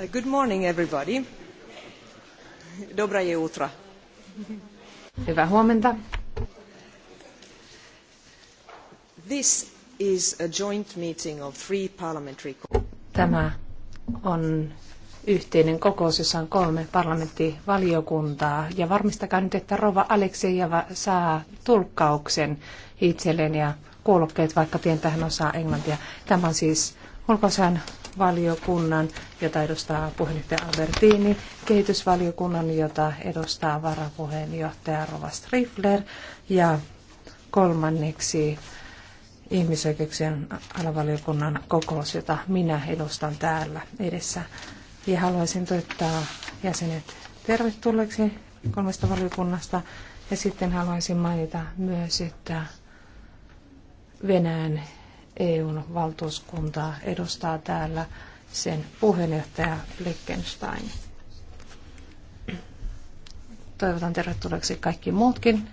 Uh, good morning everybody. Dobraje utra. Hyvää huomenta. This is a joint meeting of three parliamentary... Tämä on yhteinen kokous, jossa on kolme parlamenttivaliokuntaa. Ja varmistakaa nyt, että Rova Aleksejeva saa tulkkauksen itselleen ja kuulokkeet, vaikka pientähän osaa englantia. Tämä on siis ulkoisään valiokunnan, jota edustaa puheenjohtaja Albertini, kehitysvaliokunnan, jota edustaa varapuheenjohtaja Rova Strifler ja kolmanneksi ihmisoikeuksien alavaliokunnan kokous, jota minä edustan täällä edessä. Ja haluaisin toivottaa jäsenet tervetulleeksi kolmesta valiokunnasta. Ja sitten haluaisin mainita myös, että Venäjän EUn valtuuskuntaa edustaa täällä sen puheenjohtaja Liechtenstein. Toivotan tervetulleeksi kaikki muutkin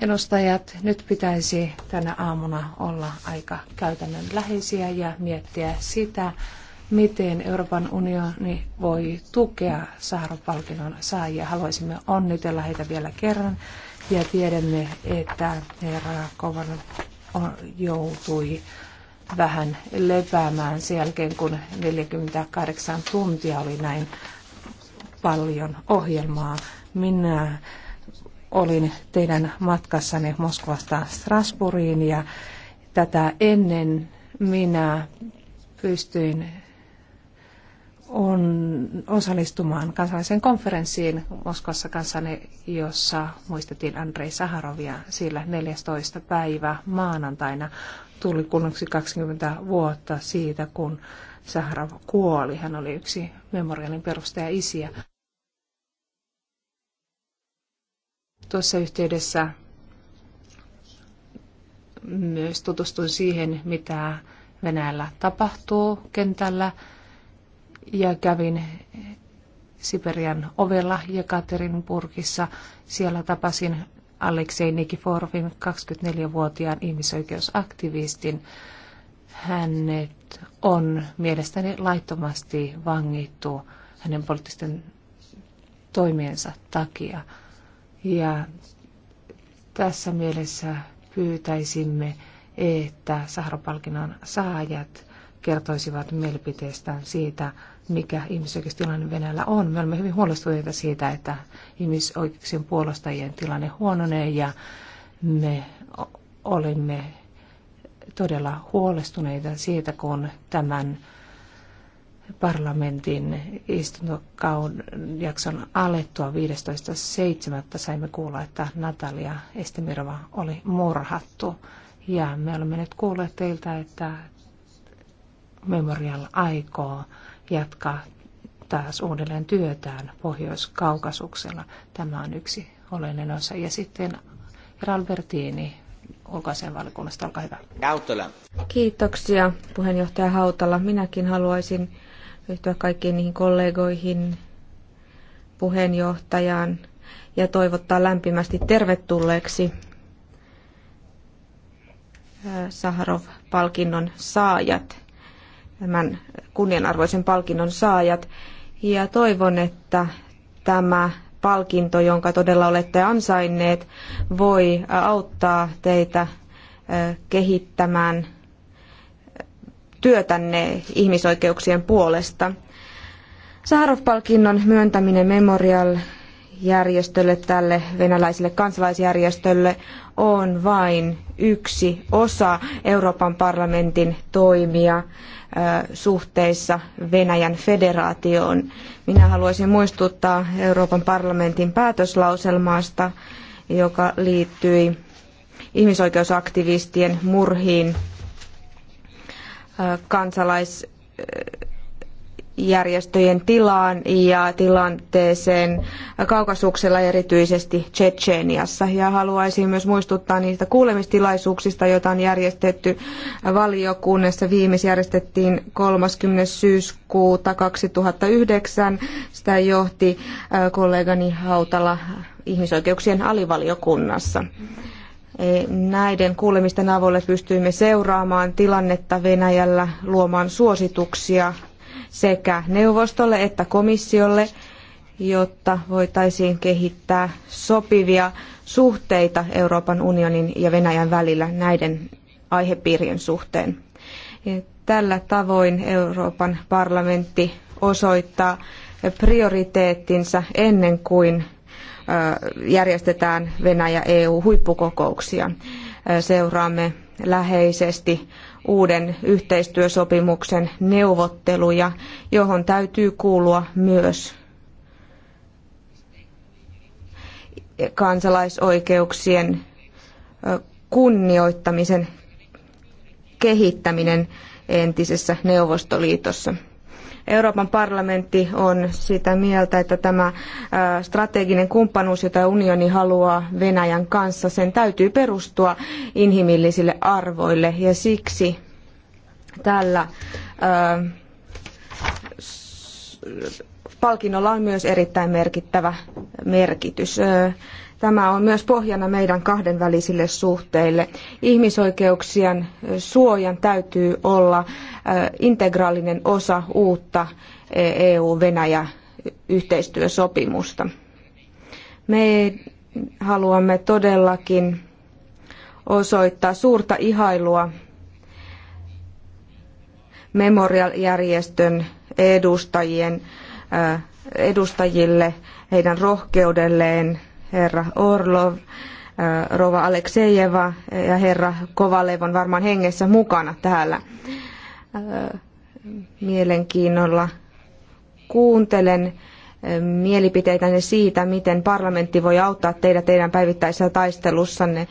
edustajat. Nyt pitäisi tänä aamuna olla aika käytännönläheisiä ja miettiä sitä, miten Euroopan unioni voi tukea Saharov-palkinnon saajia. Haluaisimme onnitella heitä vielä kerran ja tiedämme, että herra Kovan joutui vähän lepäämään sen jälkeen, kun 48 tuntia oli näin paljon ohjelmaa. Minä olin teidän matkassanne Moskovasta Strasbourgiin ja tätä ennen minä pystyin on osallistumaan kansalliseen konferenssiin Moskossa kanssani, jossa muistettiin Andrei Saharovia, sillä 14. päivä maanantaina tuli kunnoksi 20 vuotta siitä, kun Saharov kuoli. Hän oli yksi memorialin perustaja isiä. Tuossa yhteydessä myös tutustuin siihen, mitä Venäjällä tapahtuu kentällä ja kävin Siperian ovella ja Katerinburgissa. Siellä tapasin Aleksei Nikiforovin 24-vuotiaan ihmisoikeusaktivistin. Hänet on mielestäni laittomasti vangittu hänen poliittisten toimiensa takia. Ja tässä mielessä pyytäisimme, että Sahropalkinnon saajat kertoisivat mielipiteestään siitä, mikä ihmisoikeustilanne Venäjällä on. Me olemme hyvin huolestuneita siitä, että ihmisoikeuksien puolustajien tilanne huononee ja me olimme todella huolestuneita siitä, kun tämän parlamentin jakson alettua 15.7. saimme kuulla, että Natalia Estemirova oli murhattu. Ja me olemme nyt kuulleet teiltä, että Memorial aikoo jatkaa taas uudelleen työtään Pohjois-Kaukasuksella. Tämä on yksi oleellinen osa. Ja sitten Albertini ulkoisen valikunnasta, olkaa hyvä. Hautala. Kiitoksia puheenjohtaja Hautala. Minäkin haluaisin yhtyä kaikkiin niihin kollegoihin, puheenjohtajaan ja toivottaa lämpimästi tervetulleeksi äh, Saharov-palkinnon saajat tämän kunnianarvoisen palkinnon saajat. Ja toivon, että tämä palkinto, jonka todella olette ansainneet, voi auttaa teitä kehittämään työtänne ihmisoikeuksien puolesta. Saharov-palkinnon myöntäminen Memorial järjestölle, tälle venäläiselle kansalaisjärjestölle, on vain yksi osa Euroopan parlamentin toimia suhteissa Venäjän federaatioon. Minä haluaisin muistuttaa Euroopan parlamentin päätöslauselmasta, joka liittyi ihmisoikeusaktivistien murhiin kansalais järjestöjen tilaan ja tilanteeseen Kaukasuksella erityisesti Tsetseeniassa. Ja haluaisin myös muistuttaa niistä kuulemistilaisuuksista, joita on järjestetty valiokunnassa. Viimeis järjestettiin 30. syyskuuta 2009. Sitä johti äh, kollegani Hautala ihmisoikeuksien alivaliokunnassa. E, näiden kuulemisten avulla pystyimme seuraamaan tilannetta Venäjällä, luomaan suosituksia sekä neuvostolle että komissiolle, jotta voitaisiin kehittää sopivia suhteita Euroopan unionin ja Venäjän välillä näiden aihepiirien suhteen. Tällä tavoin Euroopan parlamentti osoittaa prioriteettinsa ennen kuin järjestetään Venäjä-EU-huippukokouksia. Seuraamme läheisesti uuden yhteistyösopimuksen neuvotteluja, johon täytyy kuulua myös kansalaisoikeuksien kunnioittamisen kehittäminen entisessä Neuvostoliitossa. Euroopan parlamentti on sitä mieltä, että tämä äh, strateginen kumppanuus, jota unioni haluaa Venäjän kanssa, sen täytyy perustua inhimillisille arvoille ja siksi tällä äh, palkinnolla on myös erittäin merkittävä merkitys. Äh, Tämä on myös pohjana meidän kahdenvälisille suhteille. Ihmisoikeuksien suojan täytyy olla äh, integraalinen osa uutta EU-Venäjä-yhteistyösopimusta. E Me haluamme todellakin osoittaa suurta ihailua Memorial-järjestön edustajien, äh, edustajille, heidän rohkeudelleen herra Orlov, rova Aleksejeva ja herra Kovalev on varmaan hengessä mukana täällä. Mielenkiinnolla kuuntelen mielipiteitänne siitä, miten parlamentti voi auttaa teitä teidän päivittäisessä taistelussanne.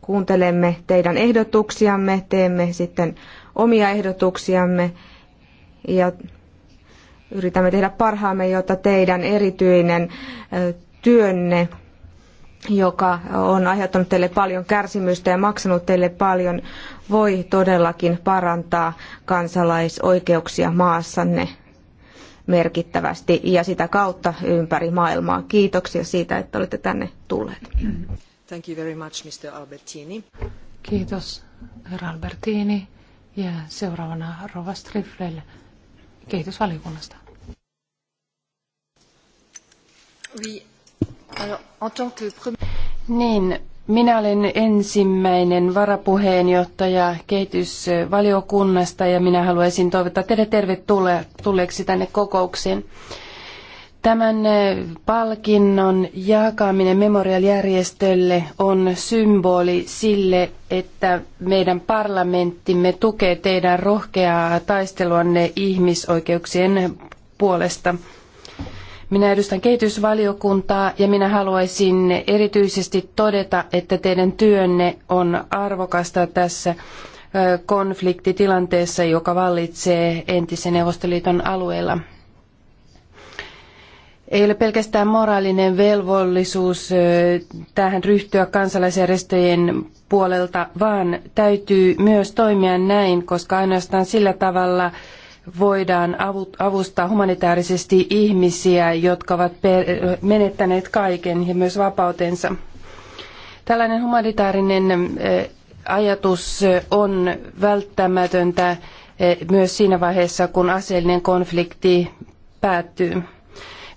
Kuuntelemme teidän ehdotuksiamme, teemme sitten omia ehdotuksiamme ja yritämme tehdä parhaamme, jotta teidän erityinen työnne, joka on aiheuttanut teille paljon kärsimystä ja maksanut teille paljon, voi todellakin parantaa kansalaisoikeuksia maassanne merkittävästi ja sitä kautta ympäri maailmaa. Kiitoksia siitä, että olette tänne tulleet. Thank you very much, Mr. Albertini. Kiitos, herra Albertini. Ja seuraavana Rova Strifflelle kehitysvaliokunnasta. Niin, minä olen ensimmäinen varapuheenjohtaja kehitysvaliokunnasta ja minä haluaisin toivottaa teidät tervetulleeksi tänne kokoukseen. Tämän eh, palkinnon jakaminen Memorial-järjestölle on symboli sille, että meidän parlamenttimme tukee teidän rohkeaa taisteluanne ihmisoikeuksien puolesta. Minä edustan kehitysvaliokuntaa ja minä haluaisin erityisesti todeta, että teidän työnne on arvokasta tässä konfliktitilanteessa, joka vallitsee entisen Neuvostoliiton alueella. Ei ole pelkästään moraalinen velvollisuus tähän ryhtyä kansalaisjärjestöjen puolelta, vaan täytyy myös toimia näin, koska ainoastaan sillä tavalla voidaan avustaa humanitaarisesti ihmisiä, jotka ovat menettäneet kaiken ja myös vapautensa. Tällainen humanitaarinen eh, ajatus on välttämätöntä eh, myös siinä vaiheessa, kun aseellinen konflikti päättyy.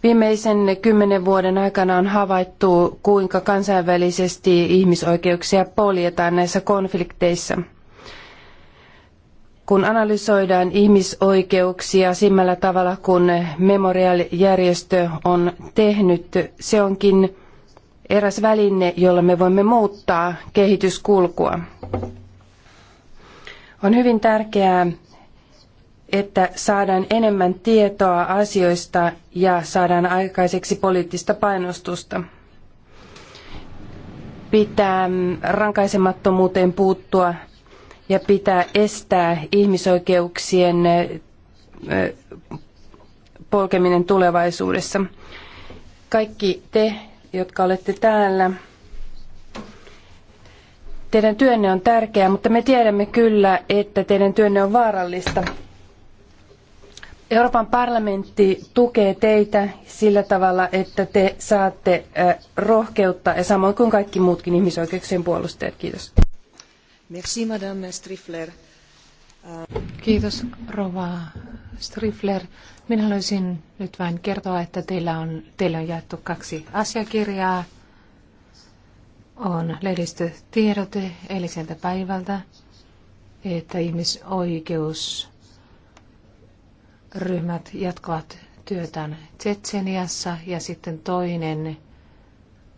Viimeisen kymmenen vuoden aikana on havaittu, kuinka kansainvälisesti ihmisoikeuksia poljetaan näissä konflikteissa – kun analysoidaan ihmisoikeuksia simmällä tavalla kuin Memorial-järjestö on tehnyt, se onkin eräs väline, jolla me voimme muuttaa kehityskulkua. On hyvin tärkeää, että saadaan enemmän tietoa asioista ja saadaan aikaiseksi poliittista painostusta. Pitää rankaisemattomuuteen puuttua ja pitää estää ihmisoikeuksien polkeminen tulevaisuudessa. Kaikki te, jotka olette täällä, teidän työnne on tärkeää, mutta me tiedämme kyllä, että teidän työnne on vaarallista. Euroopan parlamentti tukee teitä sillä tavalla, että te saatte rohkeutta ja samoin kuin kaikki muutkin ihmisoikeuksien puolustajat. Kiitos. Merci, Madame Strifler. Kiitos, Rova Strifler. Minä haluaisin nyt vain kertoa, että teillä on, teillä on jaettu kaksi asiakirjaa. On lehdistötiedote eiliseltä päivältä, että ihmisoikeusryhmät jatkavat työtään Tsetseniassa ja sitten toinen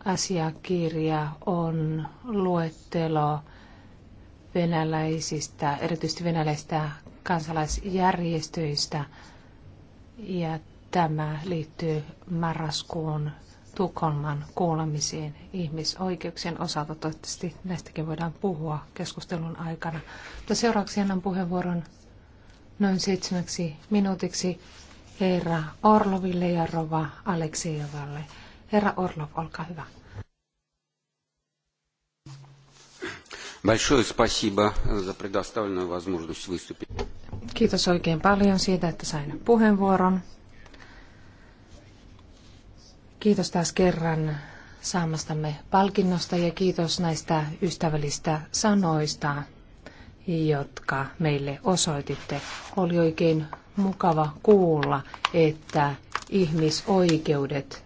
asiakirja on luettelo venäläisistä, erityisesti venäläisistä kansalaisjärjestöistä. Ja tämä liittyy marraskuun Tukholman kuulemisiin ihmisoikeuksien osalta. Toivottavasti näistäkin voidaan puhua keskustelun aikana. Mutta seuraavaksi annan puheenvuoron noin seitsemäksi minuutiksi herra Orloville ja rova Aleksejevalle. Herra Orlov, olkaa hyvä. Большое спасибо за предоставленную возможность выступить. Kiitos oikein paljon siitä, että sain puheenvuoron. Kiitos taas kerran saamastamme palkinnosta ja kiitos näistä ystävällistä sanoista, jotka meille osoititte. Oli oikein mukava kuulla, että ihmisoikeudet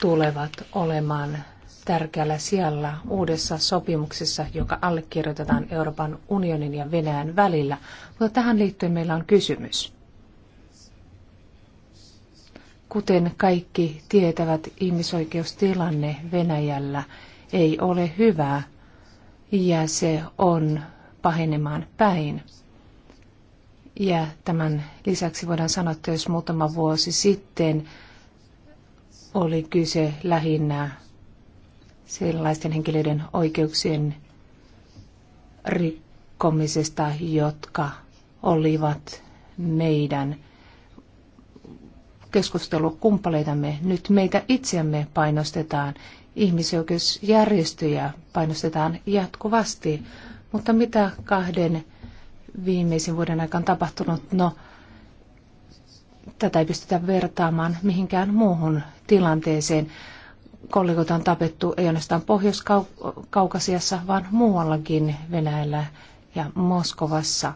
tulevat olemaan tärkeällä sijalla uudessa sopimuksessa, joka allekirjoitetaan Euroopan unionin ja Venäjän välillä. Mutta tähän liittyen meillä on kysymys. Kuten kaikki tietävät, ihmisoikeustilanne Venäjällä ei ole hyvä ja se on pahenemaan päin. Ja tämän lisäksi voidaan sanoa, että jos muutama vuosi sitten oli kyse lähinnä sellaisten henkilöiden oikeuksien rikkomisesta, jotka olivat meidän keskustelukumppaleitamme. Nyt meitä itseämme painostetaan, ihmisoikeusjärjestöjä painostetaan jatkuvasti. Mutta mitä kahden viimeisen vuoden aikana tapahtunut? No, tätä ei pystytä vertaamaan mihinkään muuhun tilanteeseen kollegoita on tapettu ei ainoastaan Pohjois-Kaukasiassa, vaan muuallakin Venäjällä ja Moskovassa.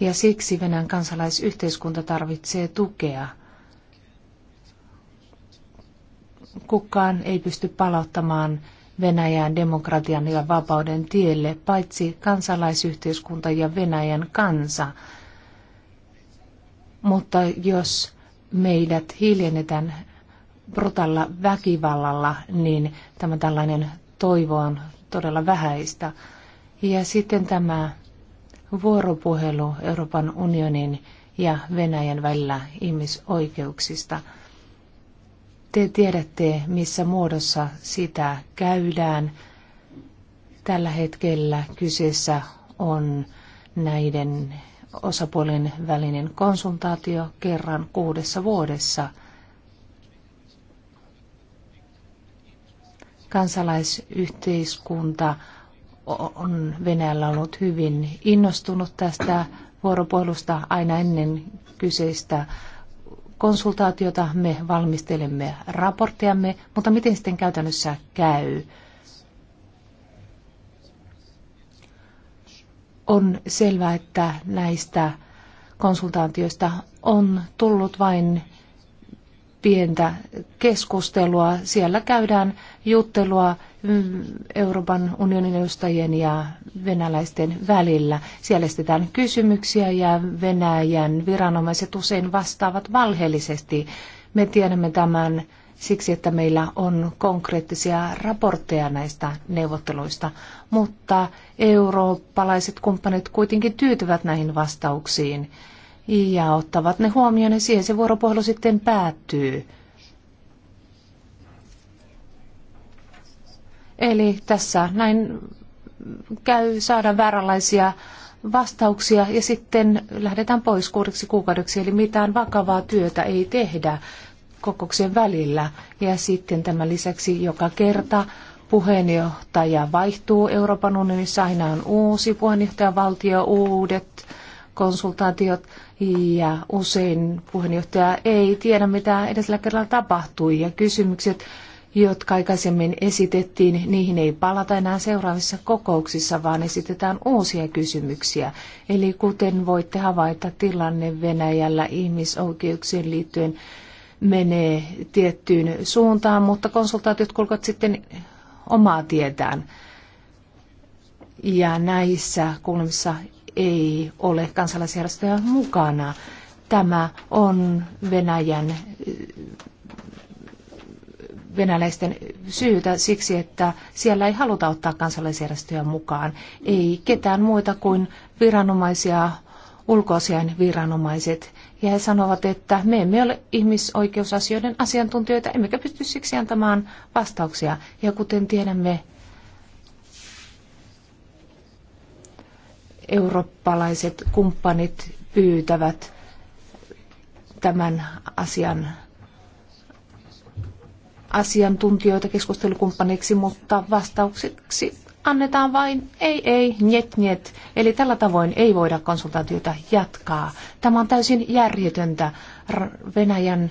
Ja siksi Venäjän kansalaisyhteiskunta tarvitsee tukea. Kukaan ei pysty palauttamaan Venäjän demokratian ja vapauden tielle, paitsi kansalaisyhteiskunta ja Venäjän kansa. Mutta jos meidät hiljennetään brutalla väkivallalla, niin tämä tällainen toivo on todella vähäistä. Ja sitten tämä vuoropuhelu Euroopan unionin ja Venäjän välillä ihmisoikeuksista. Te tiedätte, missä muodossa sitä käydään. Tällä hetkellä kyseessä on näiden osapuolien välinen konsultaatio kerran kuudessa vuodessa – kansalaisyhteiskunta on Venäjällä ollut hyvin innostunut tästä vuoropuhelusta aina ennen kyseistä konsultaatiota. Me valmistelemme raporttiamme, mutta miten sitten käytännössä käy? On selvää, että näistä konsultaatioista on tullut vain pientä keskustelua. Siellä käydään juttelua mm, Euroopan unionin edustajien ja venäläisten välillä. Siellä estetään kysymyksiä ja Venäjän viranomaiset usein vastaavat valheellisesti. Me tiedämme tämän siksi, että meillä on konkreettisia raportteja näistä neuvotteluista, mutta eurooppalaiset kumppanit kuitenkin tyytyvät näihin vastauksiin ja ottavat ne huomioon ja niin siihen se vuoropuhelu sitten päättyy. Eli tässä näin käy saada vääränlaisia vastauksia ja sitten lähdetään pois kuudeksi kuukaudeksi, eli mitään vakavaa työtä ei tehdä kokouksen välillä. Ja sitten tämän lisäksi joka kerta puheenjohtaja vaihtuu Euroopan unionissa, aina on uusi puheenjohtajavaltio, uudet konsultaatiot ja usein puheenjohtaja ei tiedä, mitä edellisellä kerralla tapahtui ja kysymykset, jotka aikaisemmin esitettiin, niihin ei palata enää seuraavissa kokouksissa, vaan esitetään uusia kysymyksiä. Eli kuten voitte havaita, tilanne Venäjällä ihmisoikeuksien liittyen menee tiettyyn suuntaan, mutta konsultaatiot kulkevat sitten omaa tietään. Ja näissä kuulemissa ei ole kansalaisjärjestöjä mukana. Tämä on Venäjän venäläisten syytä siksi, että siellä ei haluta ottaa kansalaisjärjestöjä mukaan. Ei ketään muita kuin viranomaisia, ulkoasian viranomaiset. Ja he sanovat, että me emme ole ihmisoikeusasioiden asiantuntijoita, emmekä pysty siksi antamaan vastauksia. Ja kuten tiedämme, eurooppalaiset kumppanit pyytävät tämän asian asiantuntijoita keskustelukumppaneiksi, mutta vastaukseksi annetaan vain ei, ei, njet, njet. Eli tällä tavoin ei voida konsultaatiota jatkaa. Tämä on täysin järjetöntä. Venäjän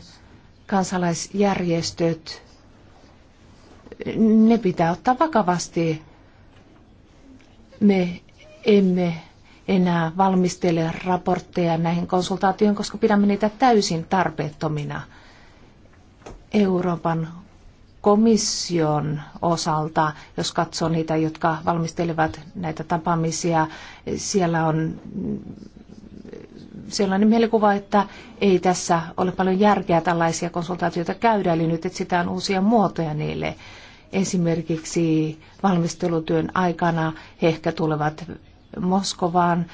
kansalaisjärjestöt, ne pitää ottaa vakavasti. Me emme enää valmistele raportteja näihin konsultaatioihin, koska pidämme niitä täysin tarpeettomina. Euroopan komission osalta, jos katsoo niitä, jotka valmistelevat näitä tapaamisia, siellä on sellainen mielikuva, että ei tässä ole paljon järkeä tällaisia konsultaatioita käydä, eli nyt etsitään uusia muotoja niille. Esimerkiksi valmistelutyön aikana he ehkä tulevat Moskovaan,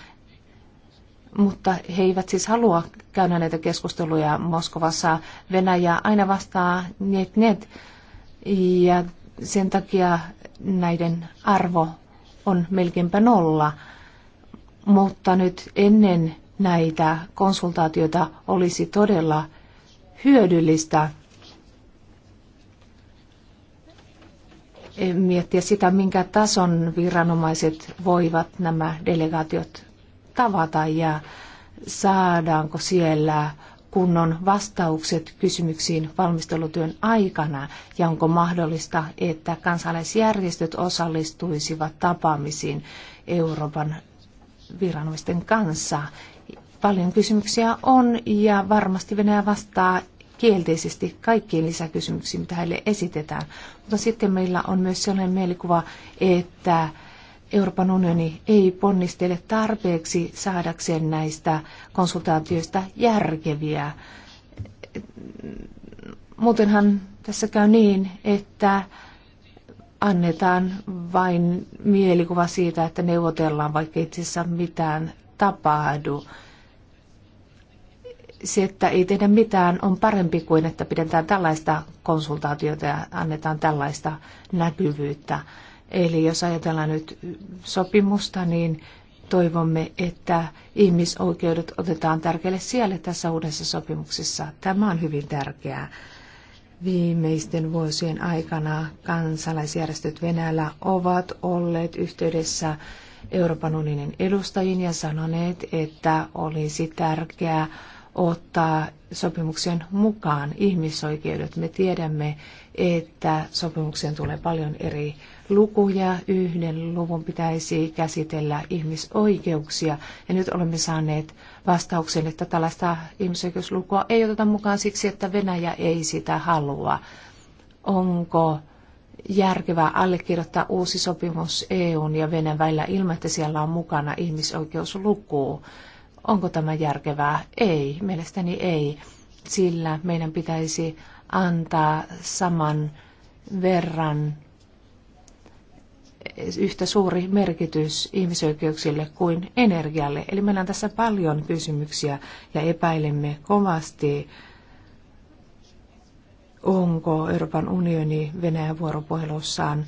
mutta he eivät siis halua käydä näitä keskusteluja Moskovassa. Venäjä aina vastaa net net ja sen takia näiden arvo on melkeinpä nolla. Mutta nyt ennen näitä konsultaatioita olisi todella hyödyllistä – miettiä sitä, minkä tason viranomaiset voivat nämä delegaatiot tavata ja saadaanko siellä kunnon vastaukset kysymyksiin valmistelutyön aikana ja onko mahdollista, että kansalaisjärjestöt osallistuisivat tapaamisiin Euroopan viranomaisten kanssa. Paljon kysymyksiä on ja varmasti Venäjä vastaa kielteisesti kaikkiin lisäkysymyksiin, mitä heille esitetään. Mutta sitten meillä on myös sellainen mielikuva, että Euroopan unioni ei ponnistele tarpeeksi saadakseen näistä konsultaatioista järkeviä. Muutenhan tässä käy niin, että annetaan vain mielikuva siitä, että neuvotellaan, vaikka itse asiassa mitään tapahdu se, että ei tehdä mitään, on parempi kuin, että pidetään tällaista konsultaatiota ja annetaan tällaista näkyvyyttä. Eli jos ajatellaan nyt sopimusta, niin toivomme, että ihmisoikeudet otetaan tärkeälle siellä tässä uudessa sopimuksessa. Tämä on hyvin tärkeää. Viimeisten vuosien aikana kansalaisjärjestöt Venäjällä ovat olleet yhteydessä Euroopan unionin edustajiin ja sanoneet, että olisi tärkeää ottaa sopimuksen mukaan ihmisoikeudet. Me tiedämme, että sopimuksen tulee paljon eri lukuja. Yhden luvun pitäisi käsitellä ihmisoikeuksia. Ja nyt olemme saaneet vastauksen, että tällaista ihmisoikeuslukua ei oteta mukaan siksi, että Venäjä ei sitä halua. Onko järkevää allekirjoittaa uusi sopimus EUn ja Venäjän välillä ilman, että siellä on mukana ihmisoikeuslukua? Onko tämä järkevää? Ei, mielestäni ei, sillä meidän pitäisi antaa saman verran yhtä suuri merkitys ihmisoikeuksille kuin energialle. Eli meillä on tässä paljon kysymyksiä ja epäilemme kovasti, onko Euroopan unioni Venäjän vuoropuhelussaan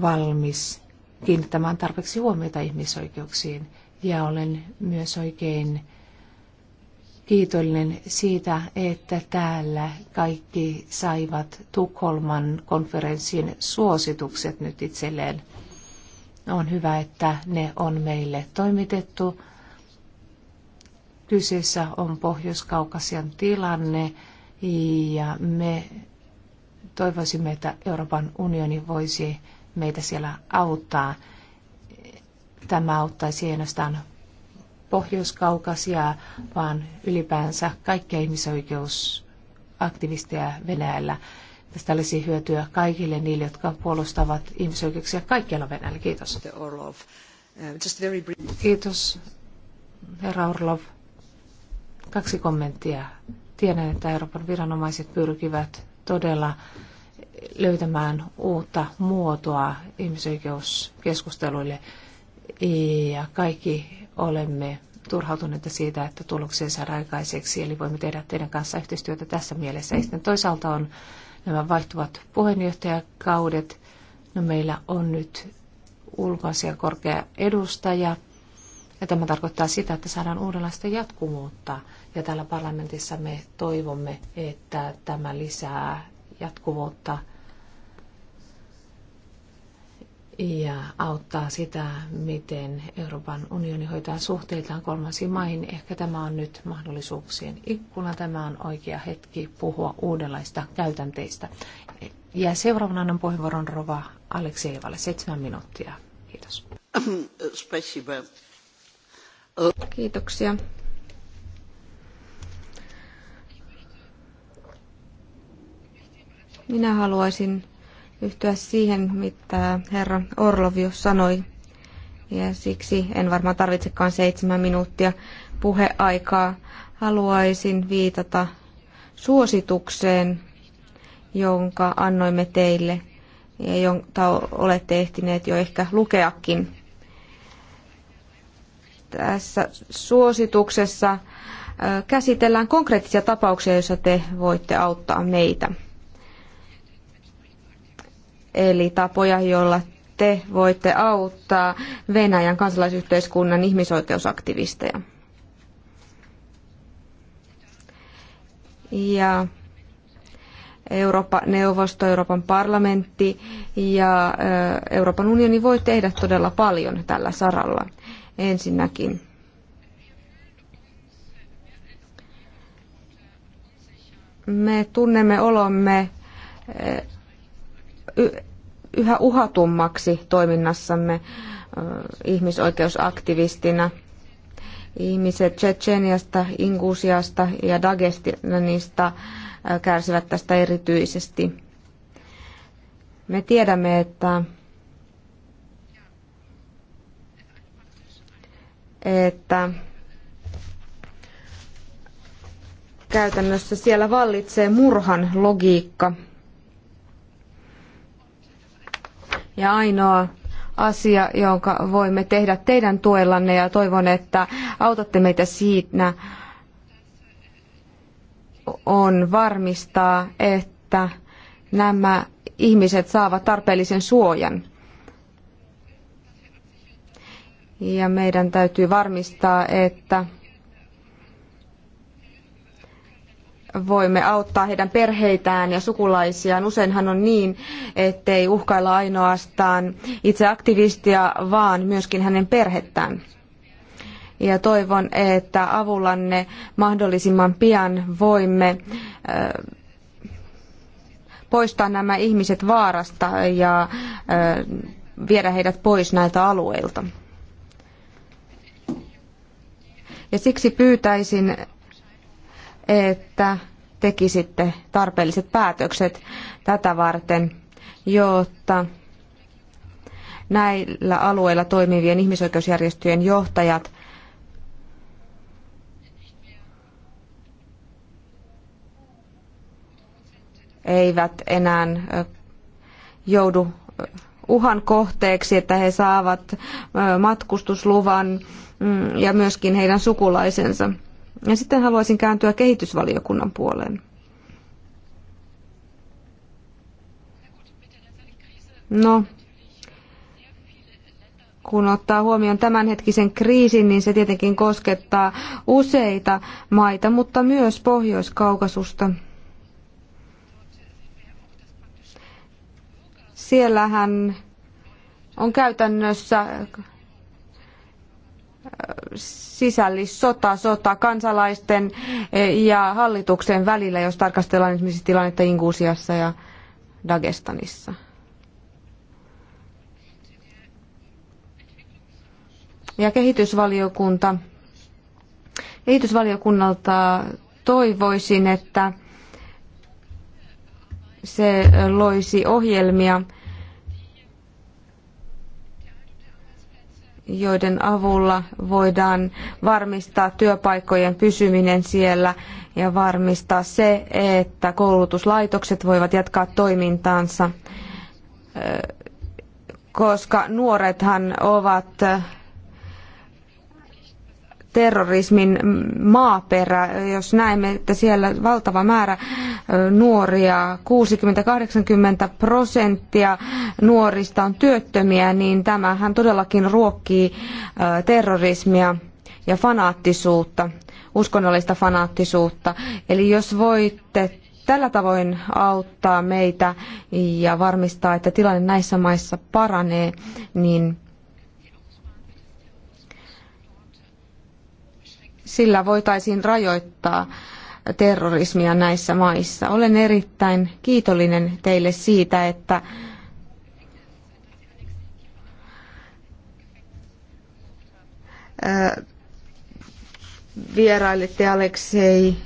valmis kiinnittämään tarpeeksi huomiota ihmisoikeuksiin ja olen myös oikein kiitollinen siitä, että täällä kaikki saivat Tukholman konferenssin suositukset nyt itselleen. On hyvä, että ne on meille toimitettu. Kyseessä on Pohjois-Kaukasian tilanne ja me toivoisimme, että Euroopan unioni voisi meitä siellä auttaa. Tämä auttaisi ainoastaan pohjois vaan ylipäänsä kaikkia ihmisoikeusaktivisteja Venäjällä. Tästä olisi hyötyä kaikille niille, jotka puolustavat ihmisoikeuksia kaikkialla Venäjällä. Kiitos. Uh, Kiitos, herra Orlov. Kaksi kommenttia. Tiedän, että Euroopan viranomaiset pyrkivät todella löytämään uutta muotoa ihmisoikeuskeskusteluille. Ja kaikki olemme turhautuneita siitä, että tuloksia saadaan aikaiseksi, eli voimme tehdä teidän kanssa yhteistyötä tässä mielessä. Ja sitten toisaalta on nämä vaihtuvat puheenjohtajakaudet. No meillä on nyt ulkoasia korkea edustaja, ja tämä tarkoittaa sitä, että saadaan uudenlaista jatkuvuutta. Ja täällä parlamentissa me toivomme, että tämä lisää jatkuvuutta – ja auttaa sitä, miten Euroopan unioni hoitaa suhteitaan kolmansiin maihin. Ehkä tämä on nyt mahdollisuuksien ikkuna. Tämä on oikea hetki puhua uudenlaista käytänteistä. Ja seuraavana annan puheenvuoron Rova Aleksejevalle. Seitsemän minuuttia. Kiitos. Kiitoksia. Minä haluaisin yhtyä siihen, mitä herra Orlov jo sanoi. Ja siksi en varmaan tarvitsekaan seitsemän minuuttia puheaikaa. Haluaisin viitata suositukseen, jonka annoimme teille ja jonka olette ehtineet jo ehkä lukeakin. Tässä suosituksessa käsitellään konkreettisia tapauksia, joissa te voitte auttaa meitä eli tapoja, joilla te voitte auttaa Venäjän kansalaisyhteiskunnan ihmisoikeusaktivisteja. Ja Euroopan neuvosto Euroopan parlamentti ja Euroopan unioni voi tehdä todella paljon tällä saralla. Ensinnäkin me tunnemme olomme yhä uhatummaksi toiminnassamme ihmisoikeusaktivistina. Ihmiset Tsetseniasta, Ingusiasta ja Dagestanista kärsivät tästä erityisesti. Me tiedämme, että että käytännössä siellä vallitsee murhan logiikka – ja ainoa asia, jonka voimme tehdä teidän tuellanne ja toivon, että autatte meitä siinä, on varmistaa, että nämä ihmiset saavat tarpeellisen suojan. Ja meidän täytyy varmistaa, että voimme auttaa heidän perheitään ja sukulaisiaan. Useinhan on niin, ettei uhkailla ainoastaan itse aktivistia, vaan myöskin hänen perhettään. Ja toivon, että avullanne mahdollisimman pian voimme äh, poistaa nämä ihmiset vaarasta ja äh, viedä heidät pois näiltä alueilta. Ja siksi pyytäisin että tekisitte tarpeelliset päätökset tätä varten, jotta näillä alueilla toimivien ihmisoikeusjärjestöjen johtajat eivät enää joudu uhan kohteeksi, että he saavat matkustusluvan mm, ja myöskin heidän sukulaisensa. Ja sitten haluaisin kääntyä kehitysvaliokunnan puoleen. No, kun ottaa huomioon tämänhetkisen kriisin, niin se tietenkin koskettaa useita maita, mutta myös Pohjois-Kaukasusta. Siellähän on käytännössä sisällissota, sota kansalaisten eh, ja hallituksen välillä, jos tarkastellaan esimerkiksi tilannetta Ingusiassa ja Dagestanissa. Ja kehitysvaliokunta, kehitysvaliokunnalta toivoisin, että se loisi ohjelmia, joiden avulla voidaan varmistaa työpaikkojen pysyminen siellä ja varmistaa se, että koulutuslaitokset voivat jatkaa toimintaansa, koska nuorethan ovat terrorismin maaperä, jos näemme, että siellä valtava määrä nuoria, 60-80 prosenttia nuorista on työttömiä, niin tämähän todellakin ruokkii terrorismia ja fanaattisuutta, uskonnollista fanaattisuutta. Eli jos voitte tällä tavoin auttaa meitä ja varmistaa, että tilanne näissä maissa paranee, niin sillä voitaisiin rajoittaa terrorismia näissä maissa. Olen erittäin kiitollinen teille siitä, että vierailitte Aleksei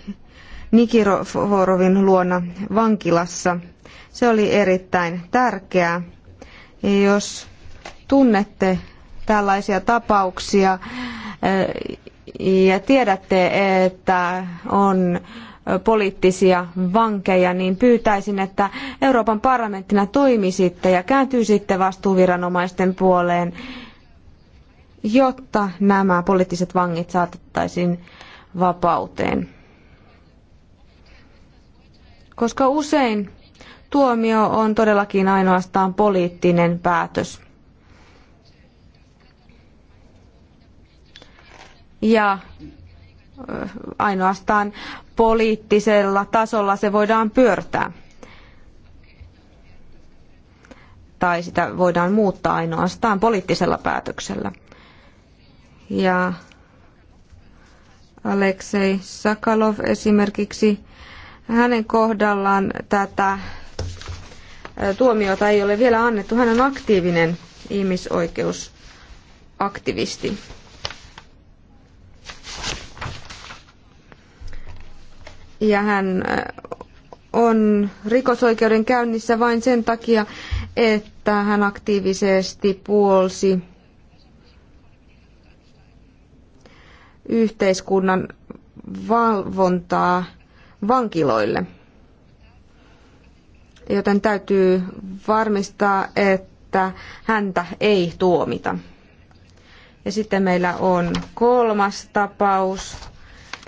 Nikiforovin luona vankilassa. Se oli erittäin tärkeää. Ja jos tunnette tällaisia tapauksia, ja tiedätte, että on poliittisia vankeja, niin pyytäisin, että Euroopan parlamenttina toimisitte ja kääntyisitte vastuuviranomaisten puoleen, jotta nämä poliittiset vangit saatettaisiin vapauteen. Koska usein tuomio on todellakin ainoastaan poliittinen päätös. ja ainoastaan poliittisella tasolla se voidaan pyörtää. Tai sitä voidaan muuttaa ainoastaan poliittisella päätöksellä. Ja Aleksei Sakalov esimerkiksi, hänen kohdallaan tätä tuomiota ei ole vielä annettu. Hän on aktiivinen ihmisoikeusaktivisti. ja hän äh, on rikosoikeuden käynnissä vain sen takia, että hän aktiivisesti puolsi yhteiskunnan valvontaa vankiloille. Joten täytyy varmistaa, että häntä ei tuomita. Ja sitten meillä on kolmas tapaus.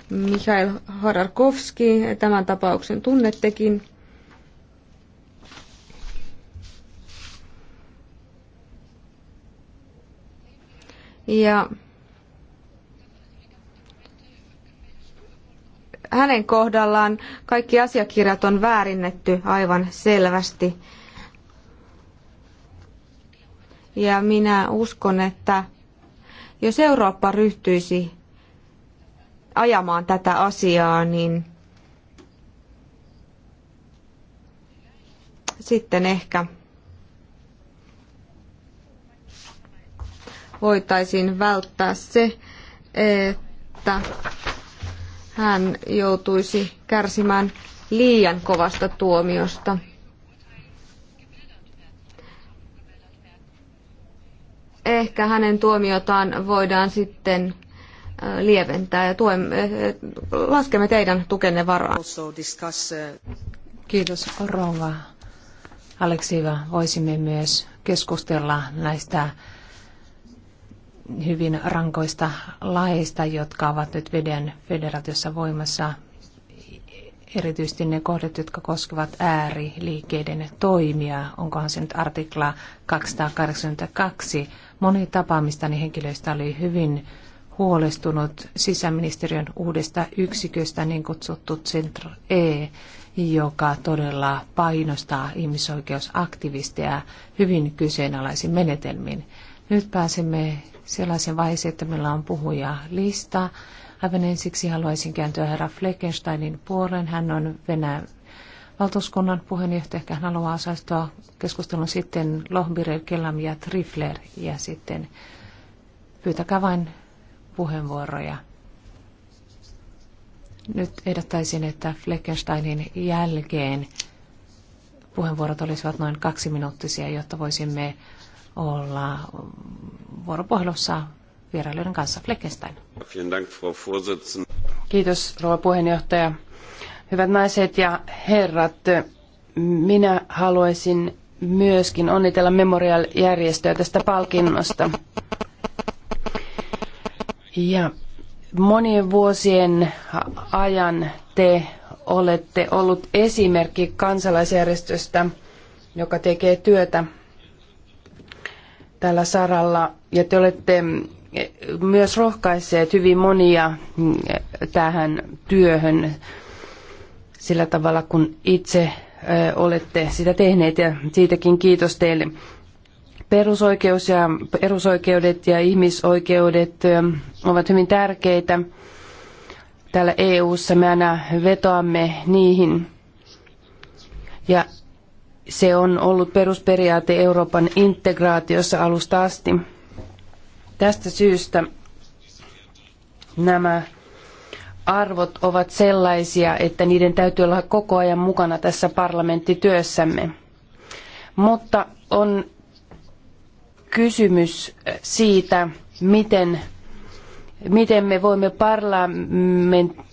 Mikhail Hararkovski, tämän tapauksen tunnettekin. Ja hänen kohdallaan kaikki asiakirjat on väärinnetty aivan selvästi. Ja minä uskon, että jos Eurooppa ryhtyisi ajamaan tätä asiaa, niin sitten ehkä voitaisiin välttää se, että hän joutuisi kärsimään liian kovasta tuomiosta. Ehkä hänen tuomiotaan voidaan sitten lieventää ja tuemme, eh, laskemme teidän tukenne varaan. Eh, Kiitos Rova. Aleksiva, voisimme myös keskustella näistä hyvin rankoista laeista, jotka ovat nyt veden federaatiossa voimassa, erityisesti ne kohdat, jotka koskevat ääriliikkeiden toimia. Onkohan se nyt artikla 282? Moni tapaamistani henkilöistä oli hyvin huolestunut sisäministeriön uudesta yksiköstä, niin kutsuttu Centro E, joka todella painostaa ihmisoikeusaktivisteja hyvin kyseenalaisin menetelmin. Nyt pääsemme sellaisen vaiheeseen, että meillä on puhuja lista. Aivan ensiksi haluaisin kääntyä herra Fleckensteinin puoleen. Hän on Venäjän valtuuskunnan puheenjohtaja, ehkä hän haluaa osallistua keskustelun sitten Lohbirer, Kellam ja Trifler ja sitten pyytäkää vain puheenvuoroja. Nyt ehdottaisin, että Fleckensteinin jälkeen puheenvuorot olisivat noin kaksi minuuttisia, jotta voisimme olla vuoropuhelussa vierailijoiden kanssa. Fleckenstein. Kiitos, rouva puheenjohtaja. Hyvät naiset ja herrat, minä haluaisin myöskin onnitella Memorial-järjestöä tästä palkinnosta. Ja monien vuosien ajan te olette ollut esimerkki kansalaisjärjestöstä, joka tekee työtä tällä saralla. Ja te olette myös rohkaisseet hyvin monia tähän työhön sillä tavalla, kun itse olette sitä tehneet. Ja siitäkin kiitos teille. Perusoikeus ja perusoikeudet ja ihmisoikeudet ovat hyvin tärkeitä. Täällä EU:ssa me aina vetoamme niihin. Ja se on ollut perusperiaate Euroopan integraatiossa alusta asti. Tästä syystä nämä arvot ovat sellaisia, että niiden täytyy olla koko ajan mukana tässä parlamenttityössämme. Mutta on kysymys siitä, miten, miten me voimme parlamentin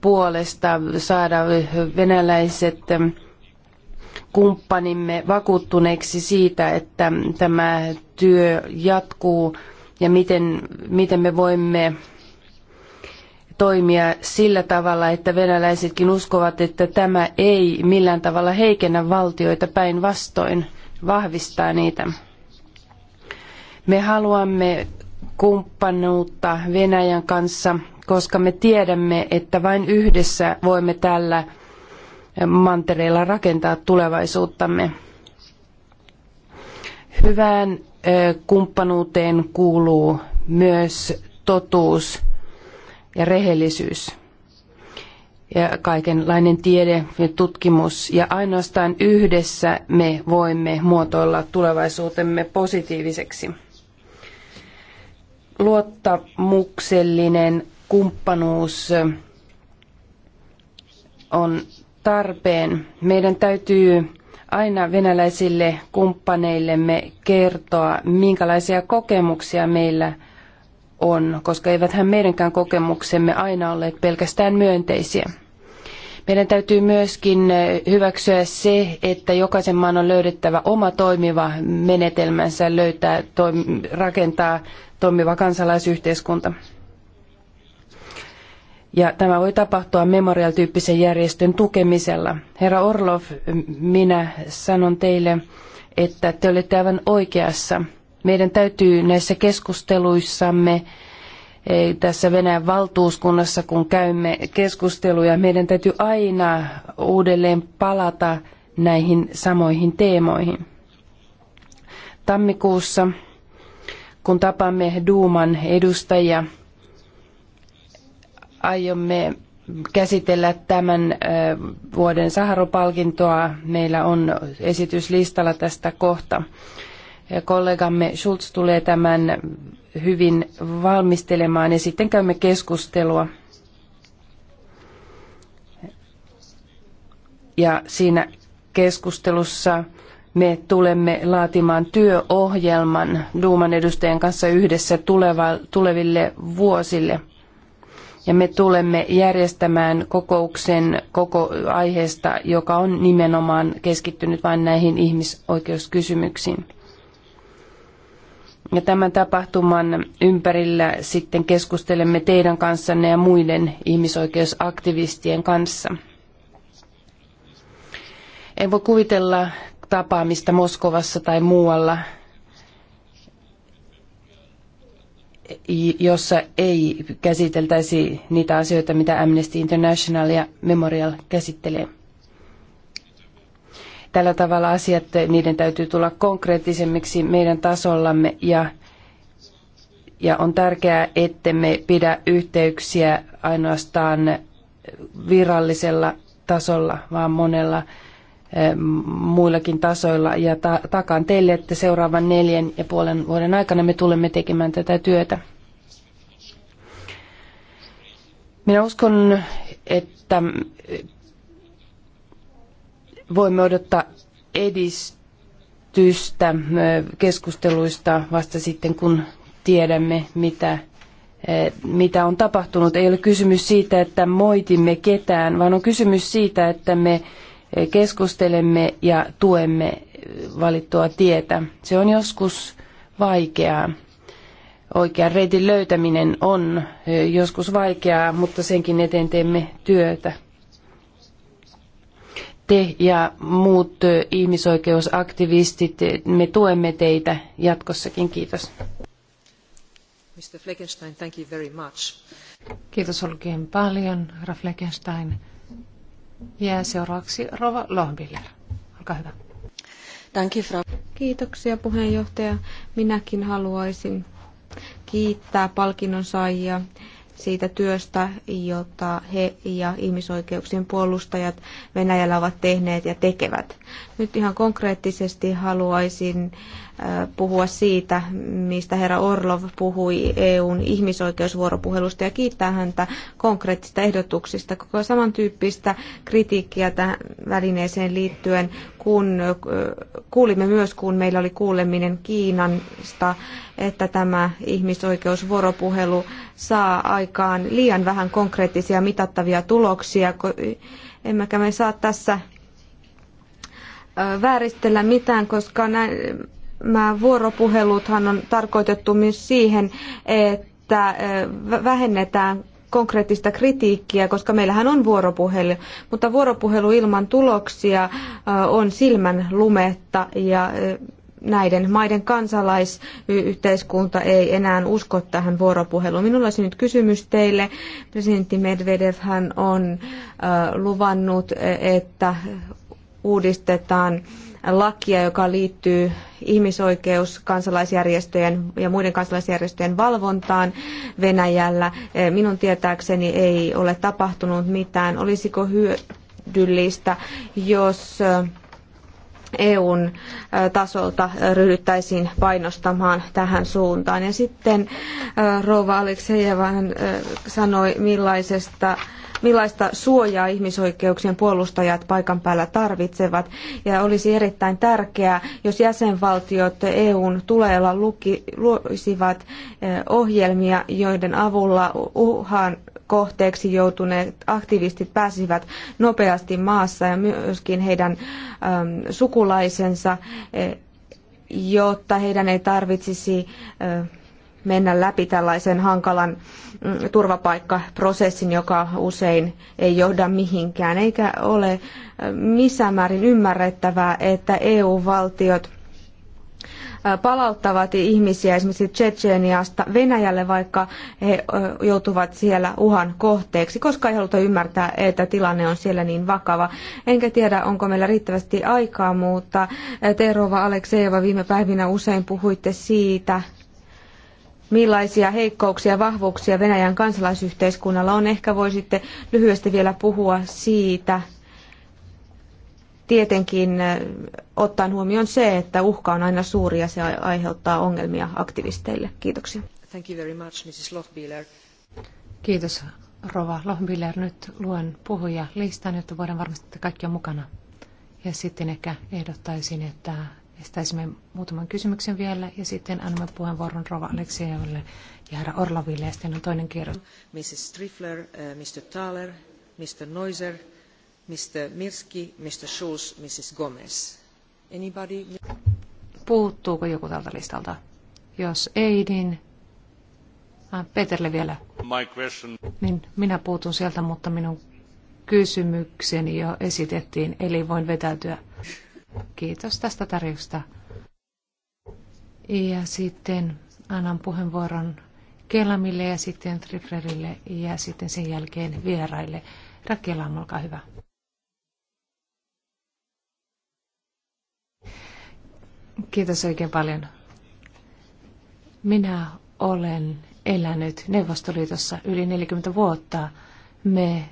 puolesta saada venäläiset kumppanimme vakuuttuneiksi siitä, että tämä työ jatkuu ja miten, miten me voimme toimia sillä tavalla, että venäläisetkin uskovat, että tämä ei millään tavalla heikennä valtioita päinvastoin, vahvistaa niitä. Me haluamme kumppanuutta Venäjän kanssa, koska me tiedämme, että vain yhdessä voimme tällä mantereella rakentaa tulevaisuuttamme. Hyvään kumppanuuteen kuuluu myös totuus ja rehellisyys ja kaikenlainen tiede ja tutkimus. Ja ainoastaan yhdessä me voimme muotoilla tulevaisuutemme positiiviseksi luottamuksellinen kumppanuus on tarpeen. Meidän täytyy aina venäläisille kumppaneillemme kertoa, minkälaisia kokemuksia meillä on, koska eiväthän meidänkään kokemuksemme aina olleet pelkästään myönteisiä. Meidän täytyy myöskin hyväksyä se, että jokaisen maan on löydettävä oma toimiva menetelmänsä, löytää, rakentaa toimiva kansalaisyhteiskunta. Ja tämä voi tapahtua Memorial-tyyppisen järjestön tukemisella. Herra Orlov, minä sanon teille, että te olette aivan oikeassa. Meidän täytyy näissä keskusteluissamme e, tässä Venäjän valtuuskunnassa, kun käymme keskusteluja, meidän täytyy aina uudelleen palata näihin samoihin teemoihin. Tammikuussa kun tapamme Duuman edustajia, aiomme käsitellä tämän vuoden Saharo-palkintoa. Meillä on esitys listalla tästä kohta. Kollegamme Schulz tulee tämän hyvin valmistelemaan ja sitten käymme keskustelua. Ja siinä keskustelussa me tulemme laatimaan työohjelman Duuman edustajien kanssa yhdessä tuleva, tuleville vuosille. Ja me tulemme järjestämään kokouksen koko aiheesta, joka on nimenomaan keskittynyt vain näihin ihmisoikeuskysymyksiin. Ja tämän tapahtuman ympärillä sitten keskustelemme teidän kanssanne ja muiden ihmisoikeusaktivistien kanssa. En voi kuvitella tapaamista Moskovassa tai muualla, jossa ei käsiteltäisi niitä asioita, mitä Amnesty International ja Memorial käsittelee. Tällä tavalla asiat, niiden täytyy tulla konkreettisemmiksi meidän tasollamme ja, ja on tärkeää, ettemme pidä yhteyksiä ainoastaan virallisella tasolla, vaan monella Eh, muillakin tasoilla ja ta- takaan teille, että seuraavan neljän ja puolen vuoden aikana me tulemme tekemään tätä työtä. Minä uskon, että voimme odottaa edistystä eh, keskusteluista vasta sitten, kun tiedämme, mitä, eh, mitä on tapahtunut. Ei ole kysymys siitä, että moitimme ketään, vaan on kysymys siitä, että me keskustelemme ja tuemme valittua tietä. Se on joskus vaikeaa. Oikean reitin löytäminen on joskus vaikeaa, mutta senkin eteen teemme työtä. Te ja muut ihmisoikeusaktivistit, me tuemme teitä jatkossakin. Kiitos. Mr. Fleckenstein, thank you very much. Kiitos oikein paljon, herra Fleckenstein. Ja seuraavaksi Rova Lohbiller. Olkaa hyvä. Kiitoksia puheenjohtaja. Minäkin haluaisin kiittää palkinnon saajia siitä työstä, jota he ja ihmisoikeuksien puolustajat Venäjällä ovat tehneet ja tekevät. Nyt ihan konkreettisesti haluaisin äh, puhua siitä, mistä herra Orlov puhui EUn ihmisoikeusvuoropuhelusta ja kiittää häntä konkreettisista ehdotuksista. Koko samantyyppistä kritiikkiä tähän välineeseen liittyen, kun kuulimme myös, kun meillä oli kuuleminen Kiinasta, että tämä ihmisoikeusvuoropuhelu saa aikaan liian vähän konkreettisia mitattavia tuloksia. Emmekä me saa tässä vääristellä mitään, koska näin, nämä vuoropuheluthan on tarkoitettu myös siihen, että vähennetään konkreettista kritiikkiä, koska meillähän on vuoropuhelu, mutta vuoropuhelu ilman tuloksia on silmän lumetta ja näiden maiden kansalaisyhteiskunta ei enää usko tähän vuoropuheluun. Minulla olisi nyt kysymys teille. Presidentti Medvedev hän on luvannut, e, että uudistetaan lakia, joka liittyy ihmisoikeus, kansalaisjärjestöjen ja muiden kansalaisjärjestöjen valvontaan Venäjällä. E, minun tietääkseni ei ole tapahtunut mitään. Olisiko hyödyllistä, jos e, EUn tasolta ryhdyttäisiin painostamaan tähän suuntaan. Ja sitten Rova Aleksejevahan sanoi, millaisesta millaista suojaa ihmisoikeuksien puolustajat paikan päällä tarvitsevat. Ja olisi erittäin tärkeää, jos jäsenvaltiot EUn tuleella luki, luisivat ohjelmia, joiden avulla uhan kohteeksi joutuneet aktivistit pääsivät nopeasti maassa ja myöskin heidän ähm, sukulaisensa, e, jotta heidän ei tarvitsisi mennä läpi tällaisen hankalan mm, turvapaikkaprosessin, joka usein ei johda mihinkään, eikä ole missään määrin ymmärrettävää, että EU-valtiot palauttavat ihmisiä esimerkiksi Tsetseeniasta Venäjälle, vaikka he joutuvat siellä uhan kohteeksi, koska ei haluta ymmärtää, että tilanne on siellä niin vakava. Enkä tiedä, onko meillä riittävästi aikaa, mutta Terova Aleksejeva viime päivinä usein puhuitte siitä, millaisia heikkouksia ja vahvuuksia Venäjän kansalaisyhteiskunnalla on. Ehkä voisitte lyhyesti vielä puhua siitä, tietenkin ottaen huomioon se, että uhka on aina suuri ja se aiheuttaa ongelmia aktivisteille. Kiitoksia. Thank you very much, Mrs. Lohbiller. Kiitos, Rova Lohbiller. Nyt luen puhuja listan, jotta voidaan varmistaa, että kaikki on mukana. Ja sitten ehkä ehdottaisin, että estäisimme muutaman kysymyksen vielä ja sitten annamme puheenvuoron Rova Aleksejevalle ja herra Orloville ja sitten on toinen kierros. Mrs. Strifler, uh, eh, Mr. Thaler, Mr. Noiser, Puuttuuko joku tältä listalta? Jos ei, niin... Ah, äh, Peterle vielä. Niin minä puutun sieltä, mutta minun kysymykseni jo esitettiin, eli voin vetäytyä. Kiitos tästä tarjosta. Ja sitten annan puheenvuoron Kelamille ja sitten Triflerille ja sitten sen jälkeen vieraille. Rakkelam, olkaa hyvä. Kiitos oikein paljon. Minä olen elänyt Neuvostoliitossa yli 40 vuotta. Me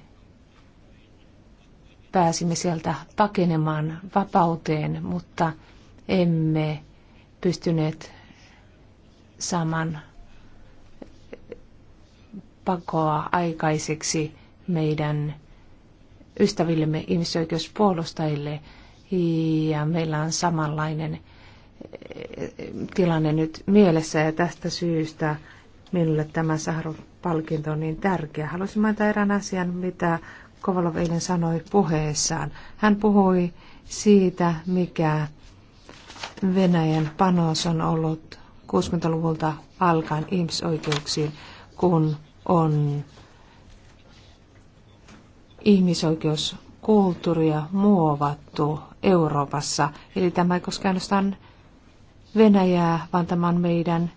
pääsimme sieltä pakenemaan vapauteen, mutta emme pystyneet saamaan pakoa aikaiseksi meidän ystävillemme ihmisoikeuspuolustajille ja meillä on samanlainen tilanne nyt mielessä ja tästä syystä minulle tämä Saharov-palkinto on niin tärkeä. Haluaisin mainita erään asian, mitä Kovalov eilen sanoi puheessaan. Hän puhui siitä, mikä Venäjän panos on ollut 60-luvulta alkaen ihmisoikeuksiin, kun on ihmisoikeuskulttuuria muovattu Euroopassa. Eli tämä ei koske ainoastaan Venäjää, vaan tämä on meidän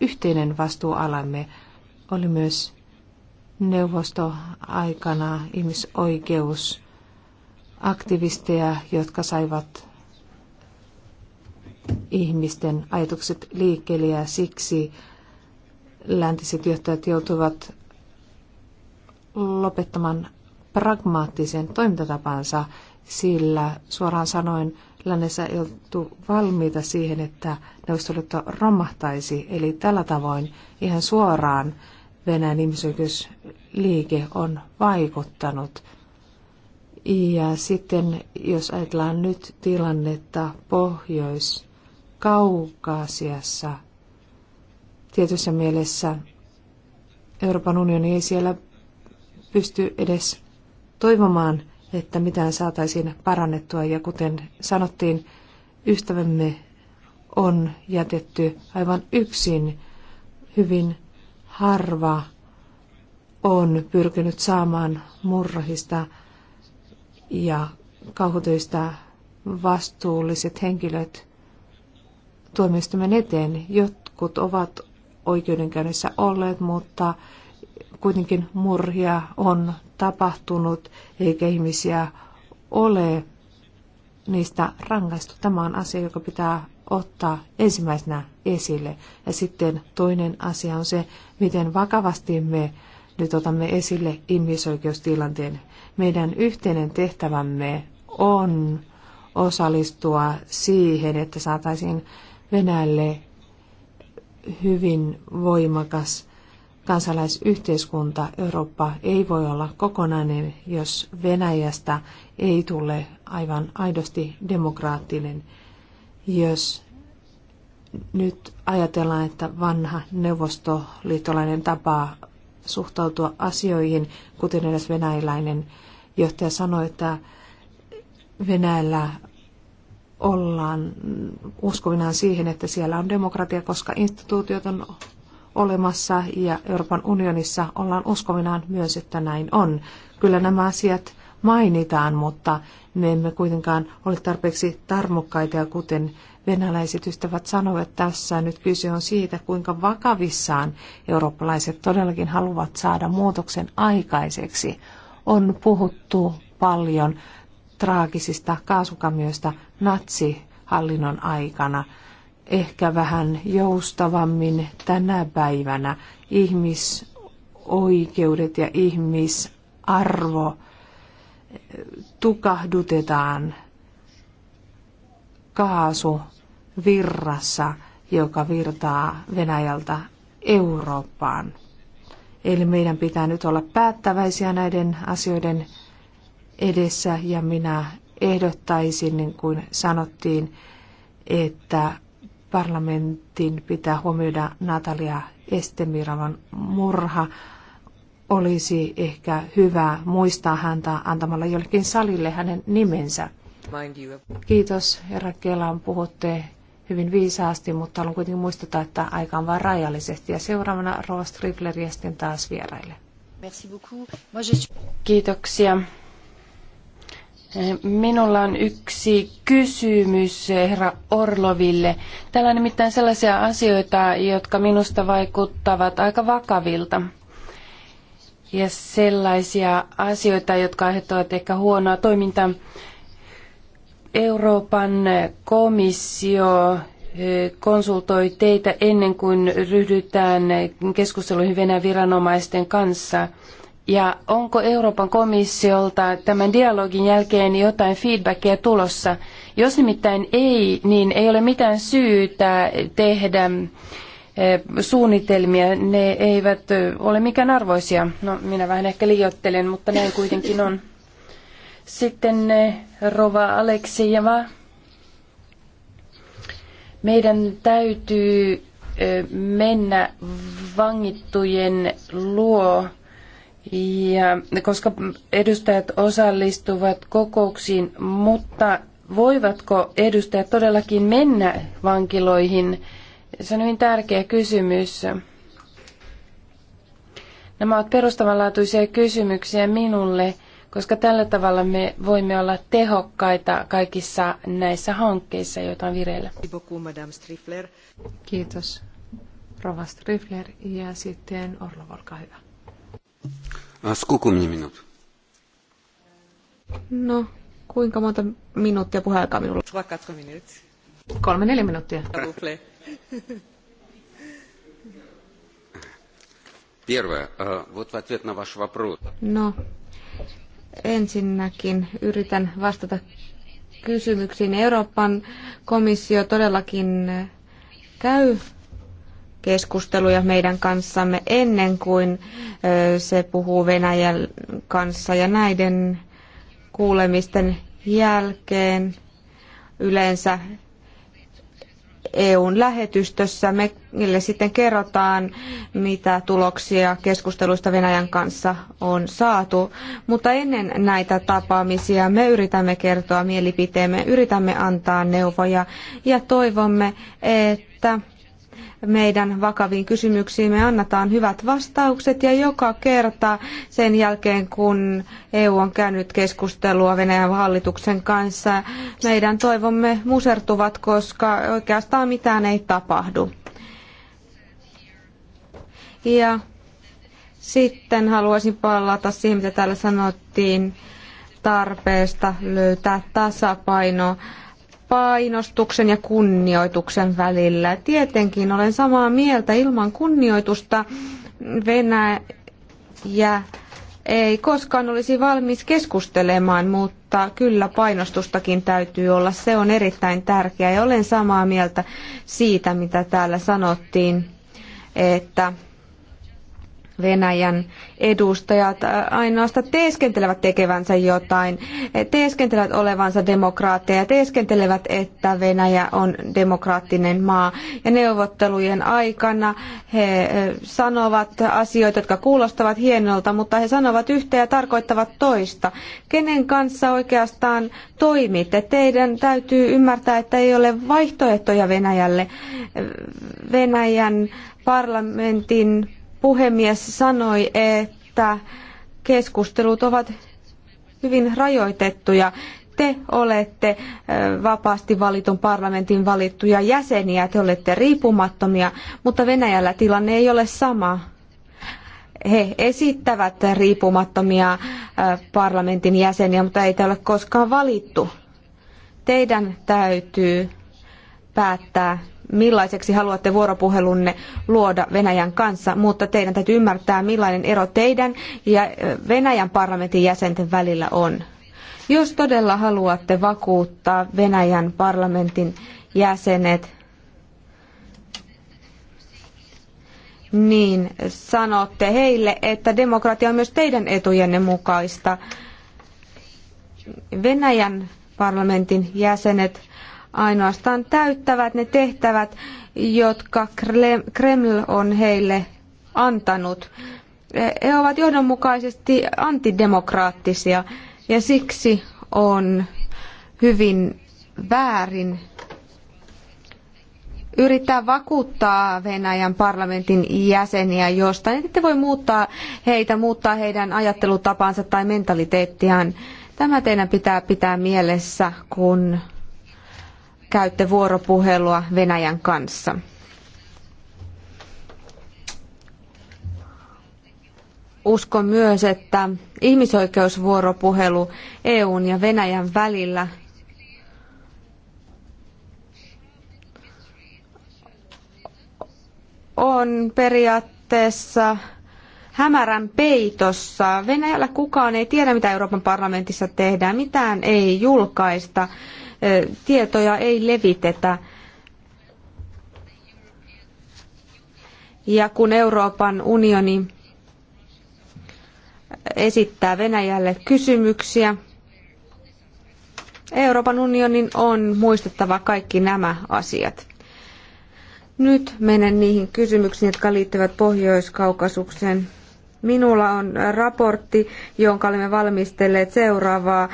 yhteinen vastuualamme. Oli myös neuvostoaikana aktivisteja, jotka saivat ihmisten ajatukset liikkeelle ja siksi läntiset johtajat joutuivat lopettamaan pragmaattisen toimintatapansa, sillä suoraan sanoen Lännessä ei oltu valmiita siihen, että Neuvostoliitto romahtaisi. Eli tällä tavoin ihan suoraan Venäjän ihmisoikeusliike on vaikuttanut. Ja sitten jos ajatellaan nyt tilannetta Pohjois-Kaukasiassa, tietyssä mielessä Euroopan unioni ei siellä pysty edes toivomaan että mitään saataisiin parannettua. Ja kuten sanottiin, ystävämme on jätetty aivan yksin. Hyvin harva on pyrkinyt saamaan murrohista ja kauhutöistä vastuulliset henkilöt tuomioistuimen eteen. Jotkut ovat oikeudenkäynnissä olleet, mutta kuitenkin murhia on tapahtunut eikä ihmisiä ole niistä rangaistu. Tämä on asia, joka pitää ottaa ensimmäisenä esille. Ja sitten toinen asia on se, miten vakavasti me nyt otamme esille ihmisoikeustilanteen. Meidän yhteinen tehtävämme on osallistua siihen, että saataisiin Venäjälle hyvin voimakas kansalaisyhteiskunta, Eurooppa ei voi olla kokonainen, jos Venäjästä ei tule aivan aidosti demokraattinen. Jos nyt ajatellaan, että vanha neuvostoliittolainen tapa suhtautua asioihin, kuten edes venäläinen johtaja sanoi, että Venäjällä ollaan uskovinaan siihen, että siellä on demokratia, koska instituutiot on olemassa ja Euroopan unionissa ollaan uskovinaan myös, että näin on. Kyllä nämä asiat mainitaan, mutta me emme kuitenkaan ole tarpeeksi tarmokkaita ja kuten venäläiset ystävät sanovat tässä, nyt kyse on siitä, kuinka vakavissaan eurooppalaiset todellakin haluavat saada muutoksen aikaiseksi. On puhuttu paljon traagisista kaasukamioista natsihallinnon aikana ehkä vähän joustavammin tänä päivänä ihmisoikeudet ja ihmisarvo eh, tukahdutetaan kaasuvirrassa, joka virtaa Venäjältä Eurooppaan. Eli meidän pitää nyt olla päättäväisiä näiden asioiden edessä ja minä ehdottaisin, niin kuin sanottiin, että parlamentin pitää huomioida Natalia Estemiravan murha. Olisi ehkä hyvä muistaa häntä antamalla jollekin salille hänen nimensä. Kiitos, herra Kelan, puhutte hyvin viisaasti, mutta haluan kuitenkin muistuttaa, että aika on vain rajallisesti. Ja seuraavana Rova Strifler ja sitten taas vieraille. Kiitoksia. Minulla on yksi kysymys herra Orloville. Täällä on nimittäin sellaisia asioita, jotka minusta vaikuttavat aika vakavilta. Ja sellaisia asioita, jotka aiheuttavat ehkä huonoa toimintaa. Euroopan komissio eh, konsultoi teitä ennen kuin ryhdytään keskusteluihin Venäjän viranomaisten kanssa – ja onko Euroopan komissiolta tämän dialogin jälkeen jotain feedbackia tulossa? Jos nimittäin ei, niin ei ole mitään syytä tehdä eh, suunnitelmia. Ne eivät eh, ole mikään arvoisia. No, minä vähän ehkä liioittelen, mutta näin kuitenkin on. Sitten eh, Rova Aleksijava. Meidän täytyy mennä vangittujen luo ja koska edustajat osallistuvat kokouksiin, mutta voivatko edustajat todellakin mennä vankiloihin? Se on hyvin tärkeä kysymys. Nämä ovat perustavanlaatuisia kysymyksiä minulle, koska tällä tavalla me voimme olla tehokkaita kaikissa näissä hankkeissa, joita on vireillä. Kiitos, Rova Strifler. Ja sitten Orlov, olkaa hyvä. Askuku minut. No, kuinka monta minuuttia puheaikaa minulla? Kolme neljä minuuttia. Первое. Вот в ответ на ваш вопрос. No, ensinnäkin yritän vastata kysymyksiin. Euroopan komissio todellakin eh, käy keskusteluja meidän kanssamme ennen kuin se puhuu Venäjän kanssa ja näiden kuulemisten jälkeen yleensä EUn lähetystössä meille sitten kerrotaan, mitä tuloksia keskusteluista Venäjän kanssa on saatu. Mutta ennen näitä tapaamisia me yritämme kertoa mielipiteemme, yritämme antaa neuvoja ja toivomme, että meidän vakaviin kysymyksiin. Me annetaan hyvät vastaukset ja joka kerta sen jälkeen, kun EU on käynyt keskustelua Venäjän hallituksen kanssa, meidän toivomme musertuvat, koska oikeastaan mitään ei tapahdu. Ja sitten haluaisin palata siihen, mitä täällä sanottiin tarpeesta löytää tasapaino painostuksen ja kunnioituksen välillä. Tietenkin olen samaa mieltä ilman kunnioitusta Venäjä ei koskaan olisi valmis keskustelemaan, mutta kyllä painostustakin täytyy olla. Se on erittäin tärkeää ja olen samaa mieltä siitä, mitä täällä sanottiin, että Venäjän edustajat ainoastaan teeskentelevät tekevänsä jotain, teeskentelevät olevansa demokraatteja, teeskentelevät, että Venäjä on demokraattinen maa. Ja neuvottelujen aikana he sanovat asioita, jotka kuulostavat hienolta, mutta he sanovat yhtä ja tarkoittavat toista. Kenen kanssa oikeastaan toimitte? Teidän täytyy ymmärtää, että ei ole vaihtoehtoja Venäjälle. Venäjän parlamentin puhemies sanoi, että keskustelut ovat hyvin rajoitettuja. Te olette vapaasti valitun parlamentin valittuja jäseniä, te olette riippumattomia, mutta Venäjällä tilanne ei ole sama. He esittävät riippumattomia parlamentin jäseniä, mutta ei ole koskaan valittu. Teidän täytyy päättää millaiseksi haluatte vuoropuhelunne luoda Venäjän kanssa, mutta teidän täytyy ymmärtää, millainen ero teidän ja Venäjän parlamentin jäsenten välillä on. Jos todella haluatte vakuuttaa Venäjän parlamentin jäsenet, niin sanotte heille, että demokratia on myös teidän etujenne mukaista. Venäjän parlamentin jäsenet ainoastaan täyttävät ne tehtävät, jotka Kreml on heille antanut. He ovat johdonmukaisesti antidemokraattisia ja siksi on hyvin väärin yrittää vakuuttaa Venäjän parlamentin jäseniä jostain. Ette voi muuttaa heitä, muuttaa heidän ajattelutapansa tai mentaliteettiaan. Tämä teidän pitää pitää mielessä, kun käytte vuoropuhelua Venäjän kanssa? Uskon myös, että ihmisoikeusvuoropuhelu EUn ja Venäjän välillä on periaatteessa hämärän peitossa. Venäjällä kukaan ei tiedä, mitä Euroopan parlamentissa tehdään, mitään ei julkaista tietoja ei levitetä. Ja kun Euroopan unioni esittää Venäjälle kysymyksiä, Euroopan unionin on muistettava kaikki nämä asiat. Nyt menen niihin kysymyksiin, jotka liittyvät Pohjois-Kaukasukseen. Minulla on raportti, jonka olemme valmistelleet seuraavaa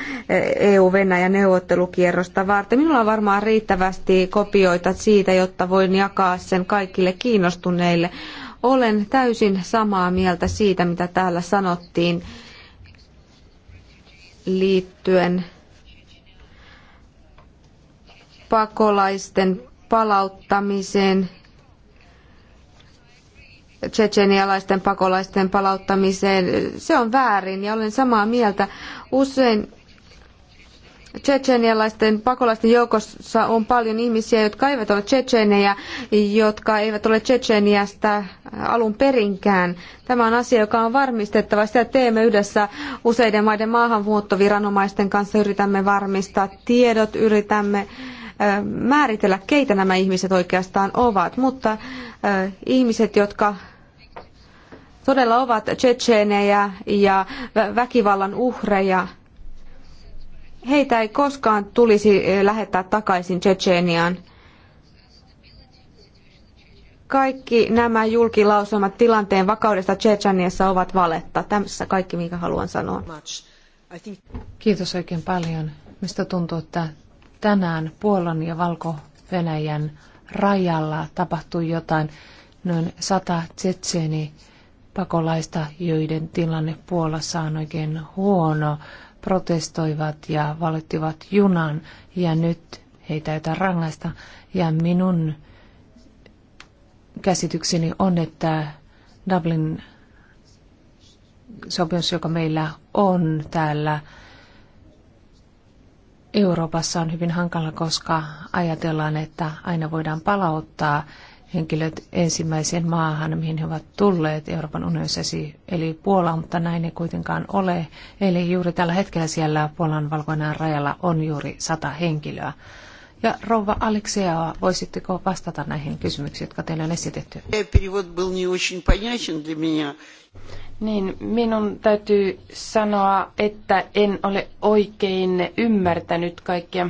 EU-Venäjä eh, e neuvottelukierrosta varten. Minulla on varmaan riittävästi kopioita siitä, jotta voin jakaa sen kaikille kiinnostuneille. Olen täysin samaa mieltä siitä, mitä täällä sanottiin liittyen pakolaisten palauttamiseen tsetsenialaisten pakolaisten palauttamiseen. Se on väärin ja olen samaa mieltä. Usein tsetsenialaisten pakolaisten joukossa on paljon ihmisiä, jotka eivät ole tsetsenejä, jotka eivät ole tsetseniasta alun perinkään. Tämä on asia, joka on varmistettava. Sitä teemme yhdessä useiden maiden maahanmuuttoviranomaisten kanssa. Yritämme varmistaa tiedot, yritämme määritellä, keitä nämä ihmiset oikeastaan ovat. Mutta ihmiset, jotka todella ovat tsetseenejä ja väkivallan uhreja, heitä ei koskaan tulisi lähettää takaisin Tsetseeniaan. Kaikki nämä julkilausumat tilanteen vakaudesta Tsetseniassa ovat valetta. Tässä kaikki, minkä haluan sanoa. Kiitos oikein paljon. Mistä tuntuu, että tänään Puolan ja Valko-Venäjän rajalla tapahtui jotain noin sata tsetseeni pakolaista, joiden tilanne Puolassa on oikein huono, protestoivat ja valittivat junan ja nyt heitä ei rangaista. Ja minun käsitykseni on, että Dublin sopimus, joka meillä on täällä Euroopassa on hyvin hankala, koska ajatellaan, että aina voidaan palauttaa henkilöt ensimmäiseen maahan, mihin he ovat tulleet Euroopan unionissa, eli Puola, mutta näin ei kuitenkaan ole. Eli juuri tällä hetkellä siellä Puolan valkoinen rajalla on juuri sata henkilöä. Ja rouva Alexia voisitteko vastata näihin kysymyksiin, jotka teille on esitetty? Э, niin, minun täytyy sanoa, että en ole oikein ymmärtänyt kaikkia.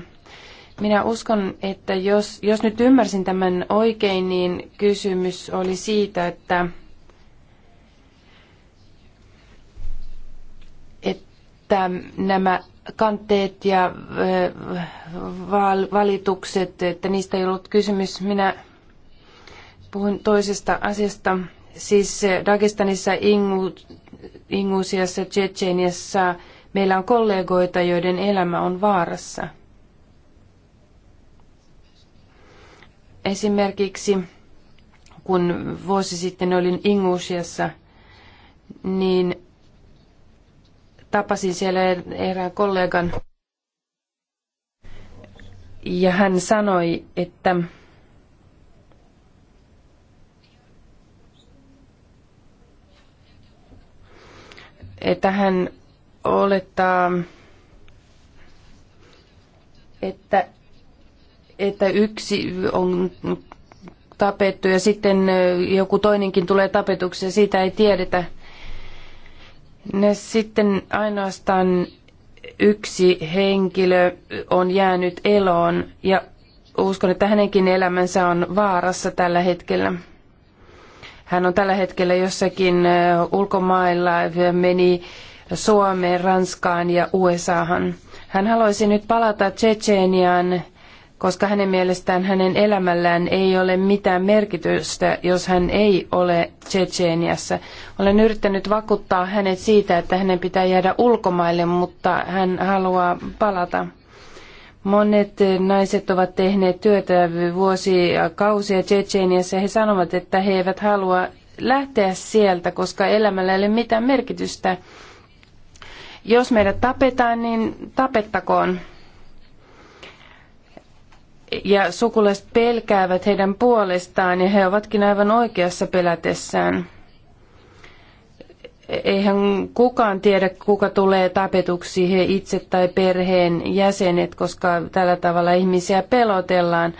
Minä uskon, että jos, jos nyt ymmärsin tämän oikein, niin kysymys oli siitä, että, että nämä kanteet ja eh, valitukset, että niistä ei ollut kysymys. Minä puhun toisesta asiasta. Siis eh, Dagestanissa, Ingu, Ingusiassa, Tsetseniassa meillä on kollegoita, joiden elämä on vaarassa. Esimerkiksi kun vuosi sitten olin Ingusiassa, niin Tapasin siellä erään kollegan ja hän sanoi, että että hän olettaa, että, että yksi on tapettu ja sitten joku toinenkin tulee tapetuksi ja siitä ei tiedetä. Ne sitten ainoastaan yksi henkilö on jäänyt eloon ja uskon, että hänenkin elämänsä on vaarassa tällä hetkellä. Hän on tällä hetkellä jossakin ulkomailla, meni Suomeen, Ranskaan ja USAhan. Hän haluaisi nyt palata Tsecheniaan koska hänen mielestään hänen elämällään ei ole mitään merkitystä, jos hän ei ole Tsetseeniassa. Olen yrittänyt vakuuttaa hänet siitä, että hänen pitää jäädä ulkomaille, mutta hän haluaa palata. Monet naiset ovat tehneet työtä vuosikausia Tsetseeniassa ja he sanovat, että he eivät halua lähteä sieltä, koska elämällä ei ole mitään merkitystä. Jos meidät tapetaan, niin tapettakoon ja sukulaiset pelkäävät heidän puolestaan ja he ovatkin aivan oikeassa pelätessään. Eihän kukaan tiedä, kuka tulee tapetuksi, he itse tai perheen jäsenet, koska tällä tavalla ihmisiä pelotellaan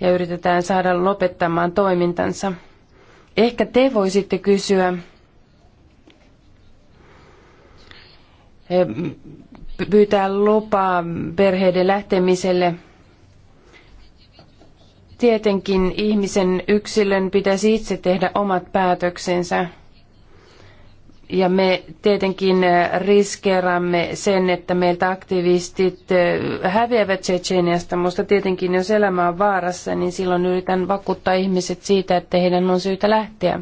ja yritetään saada lopettamaan toimintansa. Ehkä te voisitte kysyä, eh, pyytää lupaa perheiden lähtemiselle – Tietenkin ihmisen yksilön pitäisi itse tehdä omat päätöksensä. Ja me tietenkin äh, riskeeramme sen, että meiltä aktivistit äh, häviävät Tsetseniasta, mutta tietenkin jos elämä on vaarassa, niin silloin yritän vakuuttaa ihmiset siitä, että heidän on syytä lähteä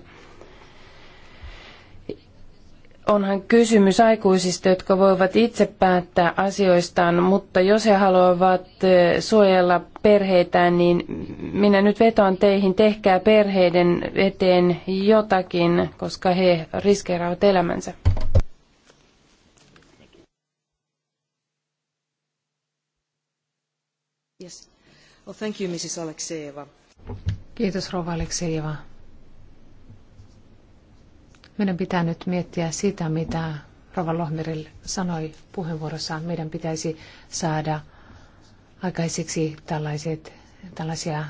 onhan kysymys aikuisista, jotka voivat itse päättää asioistaan, mutta jos he haluavat eh, suojella perheitään, niin minä nyt vetoan teihin, tehkää perheiden eteen jotakin, koska he riskeeraavat elämänsä. Yes. Well, thank you, Mrs. Alexeeva. Kiitos, Rova meidän pitää nyt miettiä sitä, mitä Rova Lohmeril sanoi puheenvuorossaan. Meidän pitäisi saada aikaiseksi tällaiset, tällaisia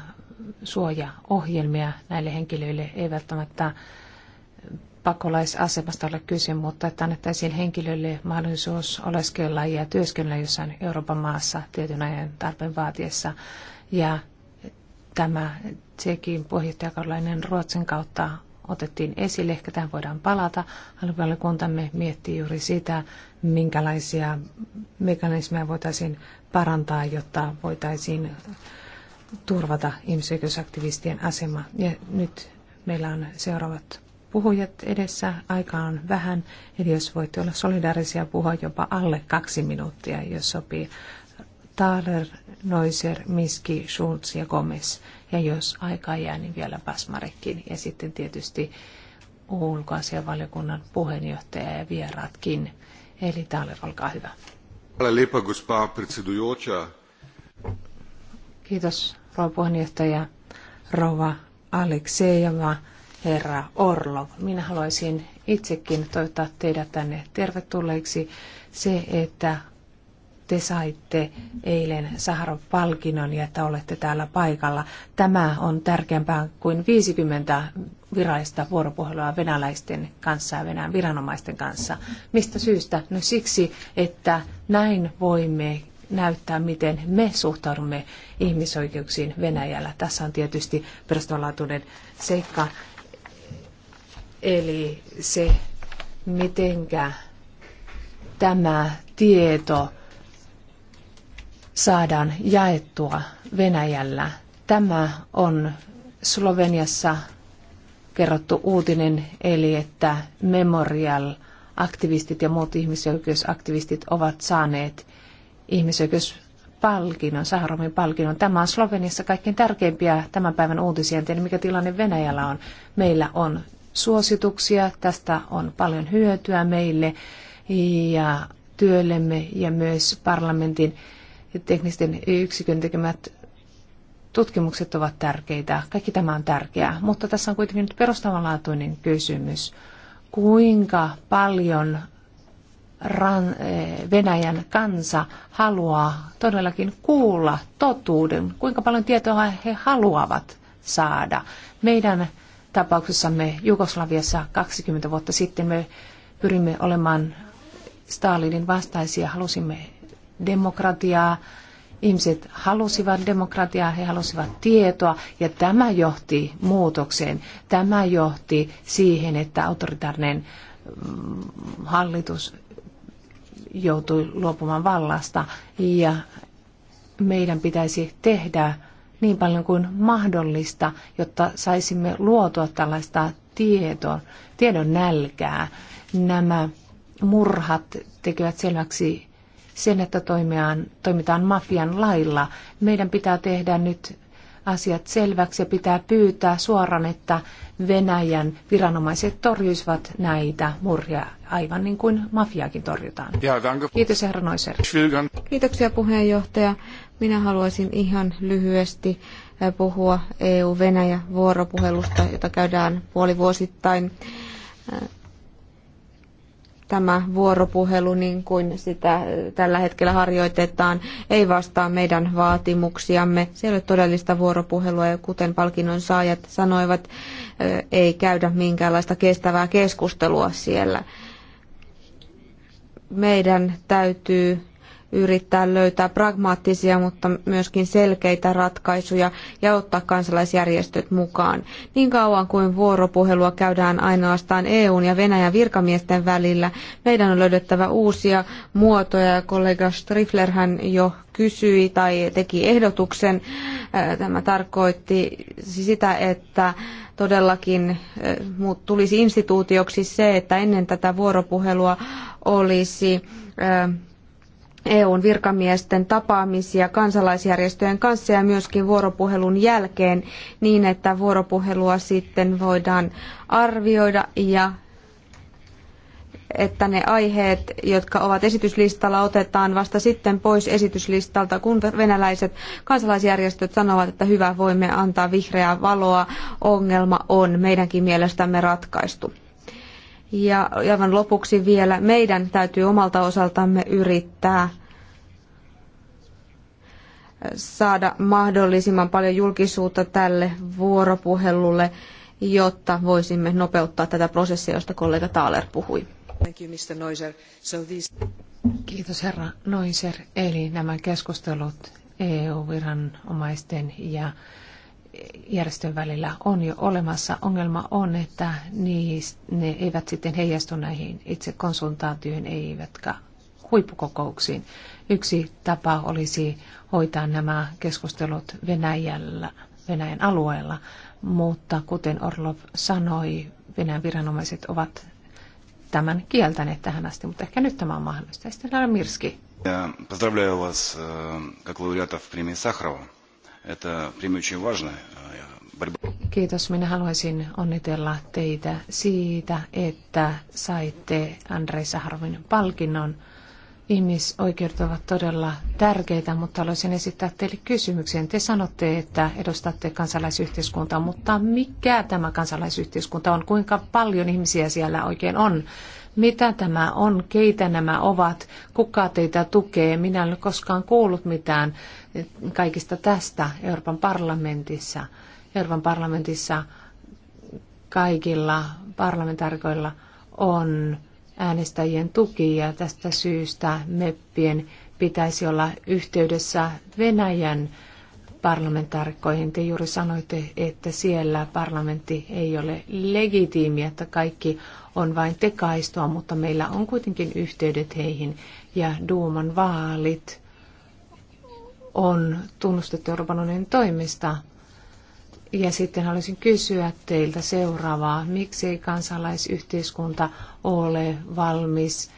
suojaohjelmia näille henkilöille. Ei välttämättä pakolaisasemasta ole kyse, mutta että annettaisiin henkilöille mahdollisuus oleskella ja työskennellä jossain Euroopan maassa tietyn ajan tarpeen vaatiessa. Ja tämä Tsekin puheenjohtajakaudellinen Ruotsin kautta otettiin esille, ehkä tähän voidaan palata. Aluevaliokuntamme miettii juuri sitä, minkälaisia mekanismeja voitaisiin parantaa, jotta voitaisiin turvata ihmisoikeusaktivistien asema. Ja nyt meillä on seuraavat puhujat edessä, aika on vähän, eli jos voitte olla solidaarisia puhua jopa alle kaksi minuuttia, jos sopii. Thaler, Noiser, Miski, Schulz ja Gomez. Ja jos aikaa jää, niin vielä Basmarekin. Ja sitten tietysti ulkoasianvaliokunnan puheenjohtaja ja vieraatkin. Eli täällä olkaa hyvä. Kiitos, rouva puheenjohtaja, rouva Aleksejeva, herra Orlov. Minä haluaisin itsekin toivottaa teidät tänne tervetulleiksi. Se, että te saitte eilen Saharov-palkinnon ja että olette täällä paikalla. Tämä on tärkeämpää kuin 50 virallista vuoropuhelua venäläisten kanssa ja Venäjän viranomaisten kanssa. Mistä syystä? No siksi, että näin voimme näyttää, miten me suhtaudumme ihmisoikeuksiin Venäjällä. Tässä on tietysti perustavanlaatuinen seikka, eli se, mitenkä tämä tieto saadaan jaettua Venäjällä. Tämä on Sloveniassa kerrottu uutinen, eli että Memorial-aktivistit ja muut ihmisoikeusaktivistit ovat saaneet ihmisoikeuspalkinnon, Saharomin palkinnon. Tämä on Sloveniassa kaikkein tärkeimpiä tämän päivän uutisia. En tiedä, mikä tilanne Venäjällä on. Meillä on suosituksia, tästä on paljon hyötyä meille ja työllemme ja myös parlamentin teknisten yksikön tekemät tutkimukset ovat tärkeitä. Kaikki tämä on tärkeää, mutta tässä on kuitenkin nyt perustavanlaatuinen kysymys. Kuinka paljon Ran, eh, Venäjän kansa haluaa todellakin kuulla totuuden, kuinka paljon tietoa he haluavat saada. Meidän tapauksessamme Jugoslaviassa 20 vuotta sitten me pyrimme olemaan Stalinin vastaisia, halusimme demokratiaa. Ihmiset halusivat demokratiaa, he halusivat tietoa ja tämä johti muutokseen. Tämä johti siihen, että autoritaarinen mm, hallitus joutui luopumaan vallasta ja meidän pitäisi tehdä niin paljon kuin mahdollista, jotta saisimme luotua tällaista tieto tiedon nälkää. Nämä murhat tekevät selväksi sen, että toimiaan, toimitaan mafian lailla. Meidän pitää tehdä nyt asiat selväksi ja pitää pyytää suoraan, että Venäjän viranomaiset torjuisivat näitä murhia, aivan niin kuin mafiakin torjutaan. Kiitos, herra Noiser. Kiitoksia, puheenjohtaja. Minä haluaisin ihan lyhyesti eh, puhua EU-Venäjä-vuoropuhelusta, jota käydään puolivuosittain. Eh, tämä vuoropuhelu, niin kuin sitä äh, tällä hetkellä harjoitetaan, ei vastaa meidän vaatimuksiamme. Se ei ole todellista vuoropuhelua ja kuten palkinnon saajat sanoivat, äh, ei käydä minkäänlaista kestävää keskustelua siellä. Meidän täytyy yrittää löytää pragmaattisia, mutta myöskin selkeitä ratkaisuja ja ottaa kansalaisjärjestöt mukaan. Niin kauan kuin vuoropuhelua käydään ainoastaan EUn ja Venäjän virkamiesten välillä, meidän on löydettävä uusia muotoja. Kollega Strifler hän jo kysyi tai teki ehdotuksen. Äh, tämä tarkoitti sitä, että todellakin äh, tulisi instituutioksi se, että ennen tätä vuoropuhelua olisi äh, EUn virkamiesten tapaamisia kansalaisjärjestöjen kanssa ja myöskin vuoropuhelun jälkeen niin, että vuoropuhelua sitten voidaan arvioida ja että ne aiheet, jotka ovat esityslistalla, otetaan vasta sitten pois esityslistalta, kun venäläiset kansalaisjärjestöt sanovat, että hyvä, voimme antaa vihreää valoa, ongelma on meidänkin mielestämme ratkaistu. Ja aivan lopuksi vielä, meidän täytyy omalta osaltamme yrittää äh, saada mahdollisimman paljon julkisuutta tälle vuoropuhelulle, jotta voisimme nopeuttaa tätä prosessia, josta kollega Thaler puhui. Kiitos herra Noiser. Eli nämä keskustelut EU-viranomaisten ja järjestön välillä on jo olemassa. Ongelma on, että ne eivät sitten heijastu näihin itse konsultaatioihin, eivätkä huippukokouksiin. Yksi tapa olisi hoitaa nämä keskustelut Venäjällä, Venäjän alueella, mutta kuten Orlov sanoi, Venäjän viranomaiset ovat tämän kieltäneet tähän asti, mutta ehkä nyt tämä on mahdollista. Sitten Mirski. Поздравляю вас как лауреатов премии Сахарова. Это важно. Kiitos. Minä haluaisin onnitella teitä siitä, että saitte Andrei Saharovin palkinnon. Ihmisoikeudet ovat todella tärkeitä, mutta haluaisin esittää teille kysymyksen. Te sanotte, että edustatte kansalaisyhteiskuntaa, mutta mikä tämä kansalaisyhteiskunta on? Kuinka paljon ihmisiä siellä oikein on? Mitä tämä on? Keitä nämä ovat? Kuka teitä tukee? Minä en ole koskaan kuullut mitään kaikista tästä Euroopan parlamentissa. Euroopan parlamentissa kaikilla parlamentaarikoilla on äänestäjien tuki ja tästä syystä meppien pitäisi olla yhteydessä Venäjän parlamentaarikkoihin. Te juuri sanoitte, että siellä parlamentti ei ole legitiimi, että kaikki on vain tekaistoa, mutta meillä on kuitenkin yhteydet heihin ja Duuman vaalit on tunnustettu Euroopan unionin toimista. Ja sitten haluaisin kysyä teiltä seuraavaa. Miksi ei kansalaisyhteiskunta ole valmis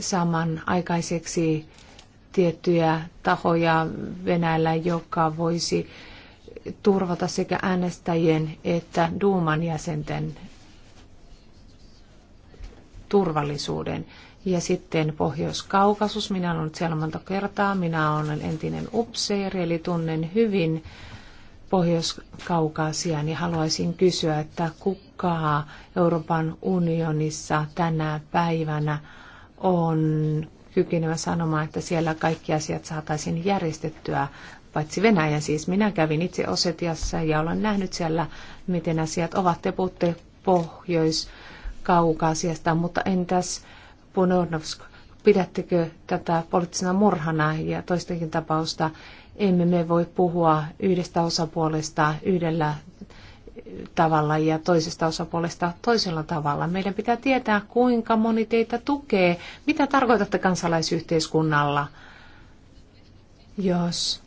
samanaikaiseksi tiettyjä tahoja Venäjällä, joka voisi turvata sekä äänestäjien että Duuman jäsenten turvallisuuden. Ja sitten Pohjois-Kaukasus, minä olen ollut siellä monta kertaa, minä olen entinen upseeri, eli tunnen hyvin Pohjois-Kaukasia, niin haluaisin kysyä, että kuka Euroopan unionissa tänä päivänä on kykenevä sanomaan, että siellä kaikki asiat saataisiin järjestettyä, paitsi Venäjä siis. Minä kävin itse Osetiassa ja olen nähnyt siellä, miten asiat ovat. Te puhutte Pohjois-Kaukasiasta, mutta entäs Punovsk, pidättekö tätä poliittisena murhana ja toistenkin tapausta? Emme me voi puhua yhdestä osapuolesta yhdellä tavalla ja toisesta osapuolesta toisella tavalla. Meidän pitää tietää, kuinka moni teitä tukee. Mitä tarkoitatte kansalaisyhteiskunnalla, jos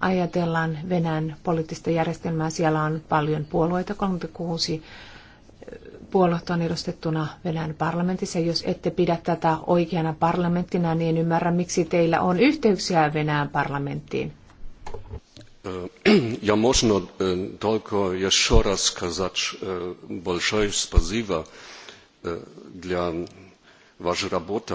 ajatellaan Venäjän poliittista järjestelmää? Siellä on paljon puolueita, 36 puolueet on edustettuna Venäjän parlamentissa. Jos ette pidä tätä oikeana parlamenttina, niin en ymmärrä, miksi teillä on yhteyksiä Venäjän parlamenttiin. Ja można e, tylko jeszcze raz сказать большое спасибо для вашей работы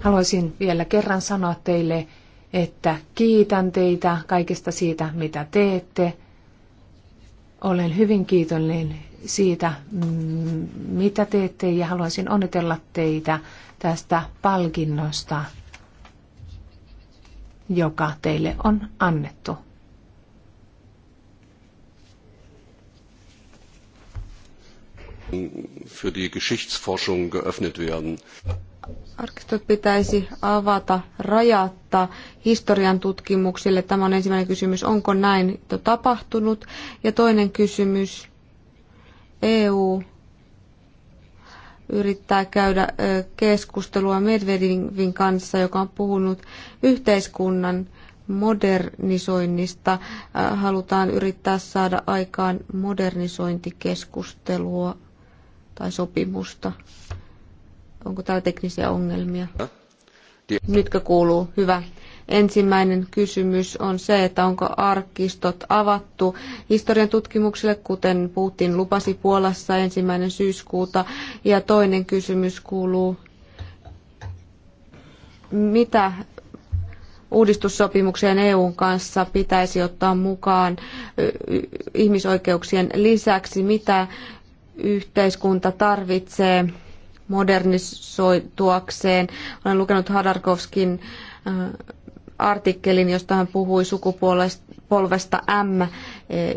Haluaisin vielä kerran sanoa teille, että kiitän teitä kaikesta siitä, mitä teette – olen hyvin kiitollinen siitä, mm, mitä teette ja haluaisin onnitella teitä tästä palkinnosta, joka teille on annettu. für die Geschichtsforschung geöffnet werden. Arkistot pitäisi avata rajatta historian tutkimuksille. Tämä on ensimmäinen kysymys. Onko näin tapahtunut? Ja toinen kysymys. EU yrittää käydä keskustelua Medvedevin kanssa, joka on puhunut yhteiskunnan modernisoinnista. Halutaan yrittää saada aikaan modernisointikeskustelua tai sopimusta. Onko täällä teknisiä ongelmia? Nytkö kuuluu? Hyvä. Ensimmäinen kysymys on se, että onko arkistot avattu historian tutkimukselle, kuten Putin lupasi Puolassa ensimmäinen syyskuuta. Ja toinen kysymys kuuluu, mitä uudistussopimukseen EUn kanssa pitäisi ottaa mukaan ihmisoikeuksien lisäksi, mitä yhteiskunta tarvitsee modernisoituakseen. Olen lukenut Hadarkovskin äh, artikkelin, josta hän puhui sukupolvesta M, äh,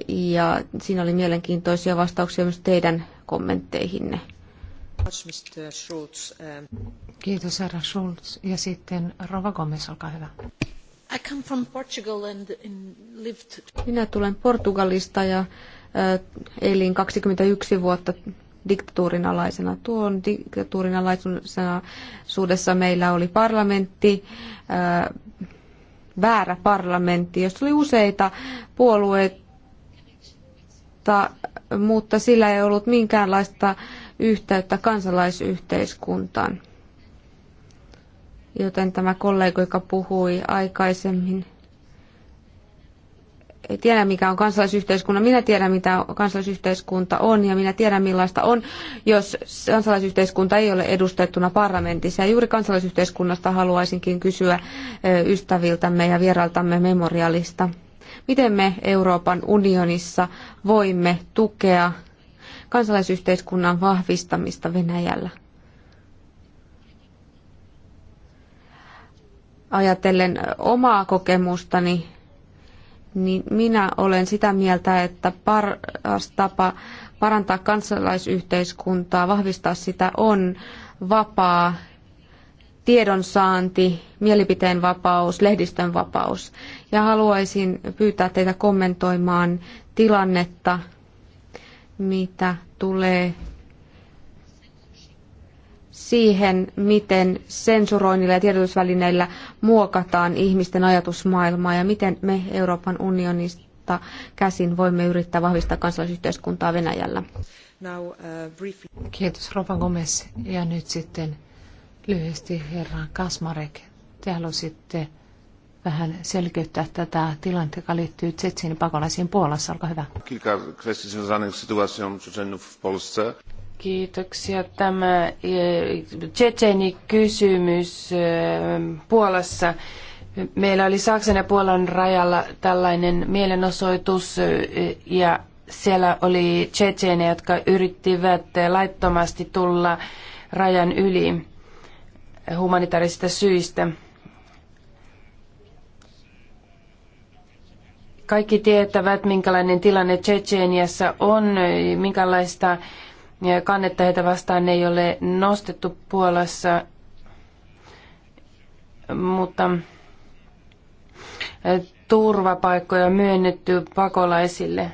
ja siinä oli mielenkiintoisia vastauksia myös teidän kommentteihinne. Kiitos, herra Schulz. Ja sitten Rova Gomez, olkaa hyvä. I come from Portugal and lived... Minä tulen Portugalista ja äh, elin 21 vuotta diktatuurin alaisena. Tuon diktatuurin alaisena suudessa meillä oli parlamentti, ää, väärä parlamentti, jossa oli useita puolueita, mutta sillä ei ollut minkäänlaista yhteyttä kansalaisyhteiskuntaan. Joten tämä kollega, joka puhui aikaisemmin, Tiedän, tiedä, mikä on kansalaisyhteiskunta. Minä tiedän, mitä kansalaisyhteiskunta on ja minä tiedän, millaista on, jos kansalaisyhteiskunta ei ole edustettuna parlamentissa. Ja juuri kansalaisyhteiskunnasta haluaisinkin kysyä ystäviltämme ja vierailtamme memorialista. Miten me Euroopan unionissa voimme tukea kansalaisyhteiskunnan vahvistamista Venäjällä? Ajatellen omaa kokemustani niin minä olen sitä mieltä, että paras tapa parantaa kansalaisyhteiskuntaa, vahvistaa sitä on vapaa tiedonsaanti, mielipiteen vapaus, lehdistön vapaus. Ja haluaisin pyytää teitä kommentoimaan tilannetta, mitä tulee siihen, miten sensuroinnilla ja tiedotusvälineillä muokataan ihmisten ajatusmaailmaa ja miten me Euroopan unionista käsin voimme yrittää vahvistaa kansalaisyhteiskuntaa Venäjällä. Now, uh, Kiitos Rova Gomez. Ja nyt sitten lyhyesti herra Kasmarek. Te halusitte vähän selkeyttää tätä tilannetta, joka liittyy Tsetsiin pakolaisiin Puolassa. Olkaa hyvä. Kiitoksia. Tämä eh, Tsetseni kysymys eh, Puolassa. Meillä oli Saksan ja Puolan rajalla tällainen mielenosoitus eh, ja siellä oli tsetseenejä, jotka yrittivät laittomasti tulla rajan yli humanitaarisista syistä. Kaikki tietävät, minkälainen tilanne Tsetseeniassa on, minkälaista kannetta heitä vastaan ei ole nostettu Puolassa, mutta äh, turvapaikkoja myönnetty pakolaisille.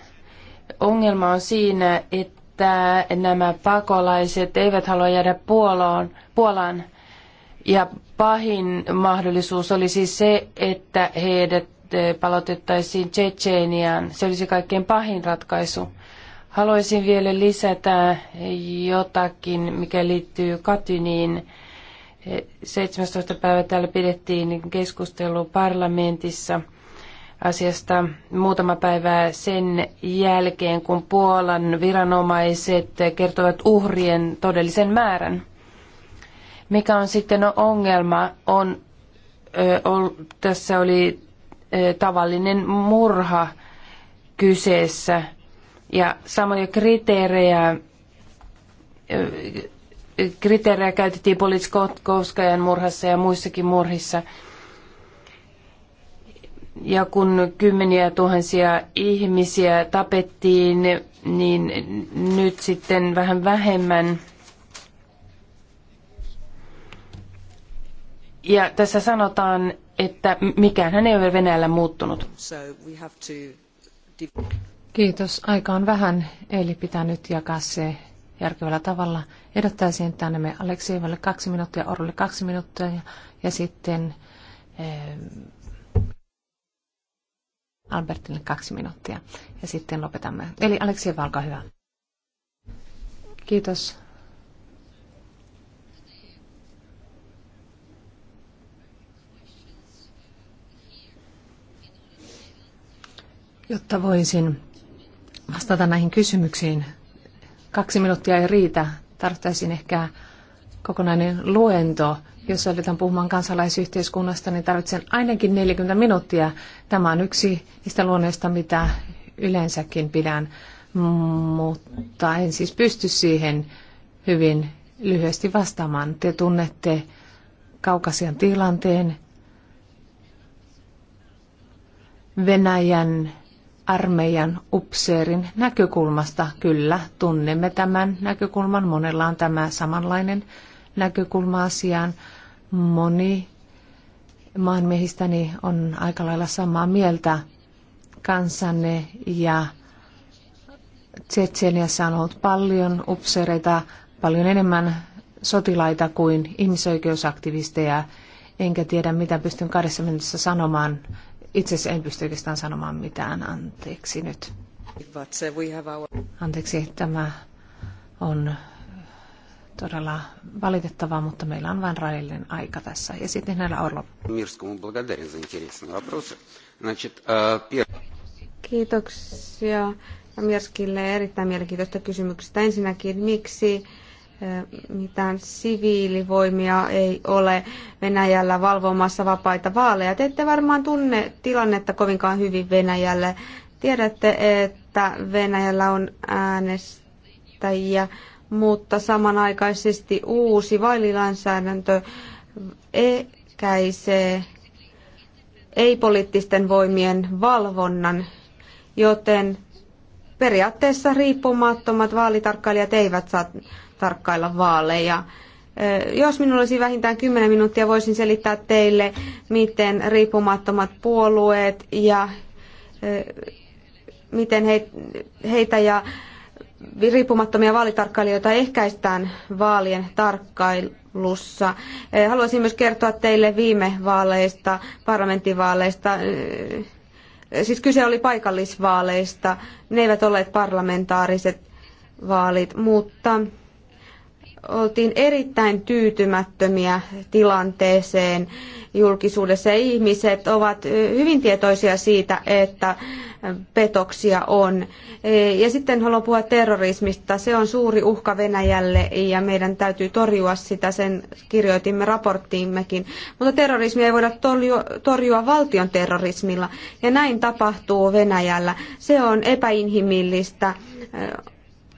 Ongelma on siinä, että nämä pakolaiset eivät halua jäädä Puolaan, Puolaan ja pahin mahdollisuus olisi siis se, että heidät äh, palautettaisiin Tsetseeniaan. Se olisi kaikkein pahin ratkaisu. Haluaisin vielä lisätä jotakin, mikä liittyy Katyniin. 17. päivä täällä pidettiin keskustelu parlamentissa asiasta muutama päivää sen jälkeen, kun Puolan viranomaiset kertovat uhrien todellisen määrän. Mikä on sitten ongelma? On, tässä oli tavallinen murha kyseessä – ja samoja kriteerejä, kriteerejä käytettiin Politkovskajan murhassa ja muissakin murhissa. Ja kun kymmeniä tuhansia ihmisiä tapettiin, niin nyt sitten vähän vähemmän. Ja tässä sanotaan, että mikään hän ei ole Venäjällä muuttunut. Kiitos. Aika on vähän, eli pitää nyt jakaa se järkevällä tavalla. Ehdottaisin, tänne me Aleksiivalle kaksi minuuttia, Orulle kaksi minuuttia ja, ja sitten eh, Albertille kaksi minuuttia. Ja sitten lopetamme. Eli Aleksiiva, olkaa hyvä. Kiitos. Jotta voisin vastata näihin kysymyksiin. Kaksi minuuttia ei riitä. Tarvittaisiin ehkä kokonainen luento. Jos aletaan puhumaan kansalaisyhteiskunnasta, niin tarvitsen ainakin 40 minuuttia. Tämä on yksi niistä luonnoista, mitä yleensäkin pidän, mutta en siis pysty siihen hyvin lyhyesti vastaamaan. Te tunnette Kaukasian tilanteen, Venäjän armeijan upseerin näkökulmasta. Kyllä, tunnemme tämän näkökulman. Monella on tämä samanlainen näkökulma asiaan. Moni maanmiehistäni on aika lailla samaa mieltä kanssanne ja Tsetseniassa on ollut paljon upseereita, paljon enemmän sotilaita kuin ihmisoikeusaktivisteja. Enkä tiedä, mitä pystyn kahdessa minuutissa sanomaan itse asiassa en pysty oikeastaan sanomaan mitään. Anteeksi nyt. Uh, Anteeksi, tämä on todella valitettavaa, mutta meillä on vain rajallinen aika tässä. Ja sitten näillä Orlo. Э, Kiitoksia Mirskille erittäin mielenkiintoista kysymyksestä. Ensinnäkin, miksi mitään siviilivoimia ei ole Venäjällä valvomassa vapaita vaaleja. Te ette varmaan tunne tilannetta kovinkaan hyvin Venäjälle. Tiedätte, että Venäjällä on äänestäjiä, mutta samanaikaisesti uusi vaalilainsäädäntö ekäisee ei-poliittisten voimien valvonnan, joten periaatteessa riippumattomat vaalitarkkailijat eivät saa tarkkailla vaaleja. Jos minulla olisi vähintään 10 minuuttia, voisin selittää teille, miten riippumattomat puolueet ja miten heitä ja riippumattomia vaalitarkkailijoita ehkäistään vaalien tarkkailussa. Haluaisin myös kertoa teille viime vaaleista, parlamenttivaaleista. Siis kyse oli paikallisvaaleista. Ne eivät olleet parlamentaariset vaalit, mutta oltiin erittäin tyytymättömiä tilanteeseen julkisuudessa. Ihmiset ovat hyvin tietoisia siitä, että petoksia on. E, ja sitten haluan puhua terrorismista. Se on suuri uhka Venäjälle ja meidän täytyy torjua sitä. Sen kirjoitimme raporttiimmekin. Mutta terrorismia ei voida torjua valtion terrorismilla. Ja näin tapahtuu Venäjällä. Se on epäinhimillistä. E,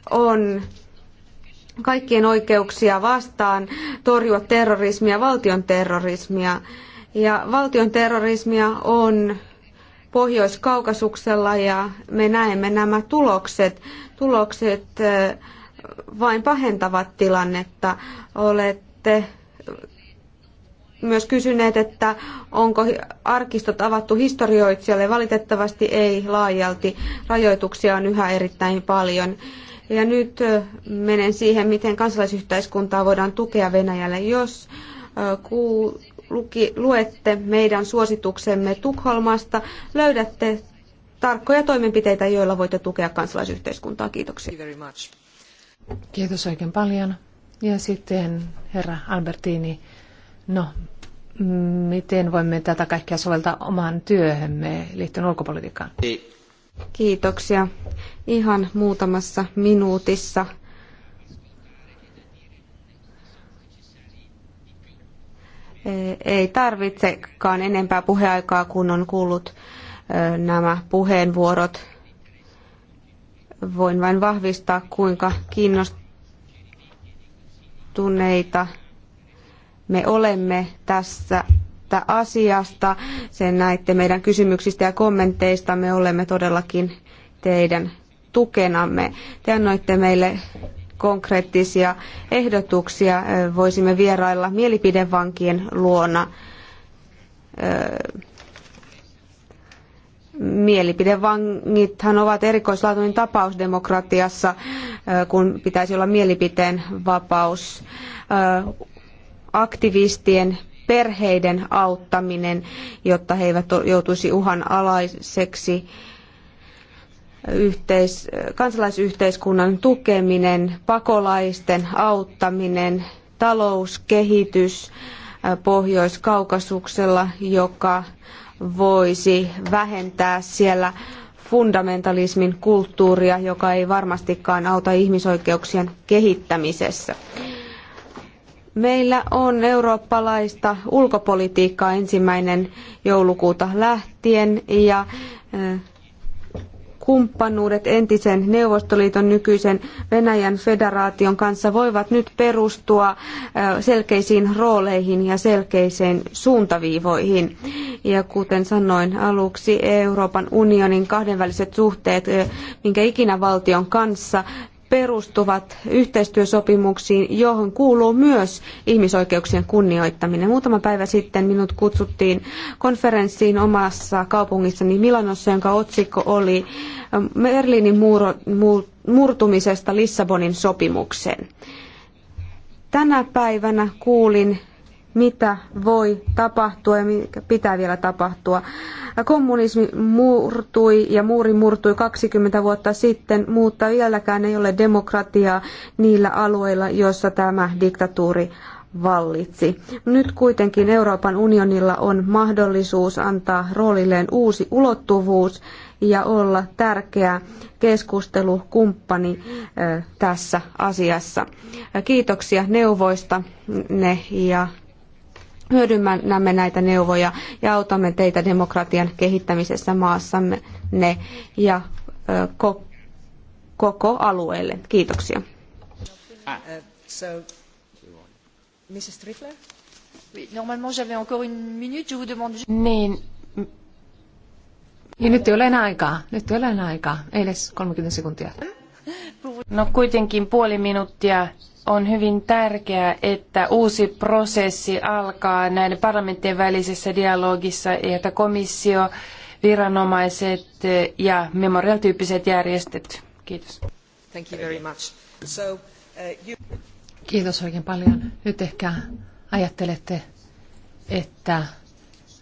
on kaikkien oikeuksia vastaan torjua terrorismia, valtion terrorismia. Ja valtion terrorismia on Pohjois-Kaukasuksella ja me näemme nämä tulokset. Tulokset vain pahentavat tilannetta. Olette myös kysyneet, että onko arkistot avattu historioitsijalle. Valitettavasti ei laajalti. Rajoituksia on yhä erittäin paljon. Ja nyt menen siihen, miten kansalaisyhteiskuntaa voidaan tukea Venäjälle. Jos kuuluki luette meidän suosituksemme Tukholmasta, löydätte tarkkoja toimenpiteitä, joilla voitte tukea kansalaisyhteiskuntaa. Kiitoksia. Kiitos oikein paljon. Ja sitten herra Albertini, no miten voimme tätä kaikkea soveltaa omaan työhömme liittyen ulkopolitiikkaan? Ei. Kiitoksia. Ihan muutamassa minuutissa. Ei tarvitsekaan enempää puheaikaa, kun on kuullut nämä puheenvuorot. Voin vain vahvistaa, kuinka kiinnostuneita me olemme tässä tästä asiasta. Sen näitte meidän kysymyksistä ja kommenteista. Me olemme todellakin teidän tukenamme. Te annoitte meille konkreettisia ehdotuksia. Voisimme vierailla mielipidevankien luona. Mielipidevangithan ovat erikoislaatuinen tapaus demokratiassa, kun pitäisi olla mielipiteen vapaus. Aktivistien perheiden auttaminen, jotta he eivät joutuisi uhanalaiseksi, yhteis, kansalaisyhteiskunnan tukeminen, pakolaisten auttaminen, talouskehitys äh, Pohjois-Kaukasuksella, joka voisi vähentää siellä fundamentalismin kulttuuria, joka ei varmastikaan auta ihmisoikeuksien kehittämisessä. Meillä on eurooppalaista ulkopolitiikkaa ensimmäinen joulukuuta lähtien ja kumppanuudet entisen Neuvostoliiton nykyisen Venäjän federaation kanssa voivat nyt perustua selkeisiin rooleihin ja selkeisiin suuntaviivoihin. Ja kuten sanoin aluksi, Euroopan unionin kahdenväliset suhteet minkä ikinä valtion kanssa perustuvat yhteistyösopimuksiin, johon kuuluu myös ihmisoikeuksien kunnioittaminen. Muutama päivä sitten minut kutsuttiin konferenssiin omassa kaupungissani Milanossa, jonka otsikko oli Berliinin ähm, murtumisesta Lissabonin sopimukseen. Tänä päivänä kuulin mitä voi tapahtua ja mikä pitää vielä tapahtua. Kommunismi murtui ja muuri murtui 20 vuotta sitten, mutta vieläkään ei ole demokratiaa niillä alueilla, joissa tämä diktatuuri vallitsi. Nyt kuitenkin Euroopan unionilla on mahdollisuus antaa roolilleen uusi ulottuvuus ja olla tärkeä keskustelukumppani tässä asiassa. Kiitoksia neuvoista ne ja hyödynnämme näitä neuvoja ja autamme teitä demokratian kehittämisessä maassamme ne ja ko, koko alueelle. Kiitoksia. Ah, uh, niin. Ja niin, nyt ei ole enää aikaa. Nyt ei ole enää aikaa. Eiles 30 sekuntia. No kuitenkin puoli minuuttia on hyvin tärkeää, että uusi prosessi alkaa näiden parlamenttien välisessä dialogissa ja että komissio, viranomaiset ja memorial-tyyppiset järjestöt. Kiitos. Thank you very much. So, uh, you... Kiitos oikein paljon. Nyt ehkä ajattelette, että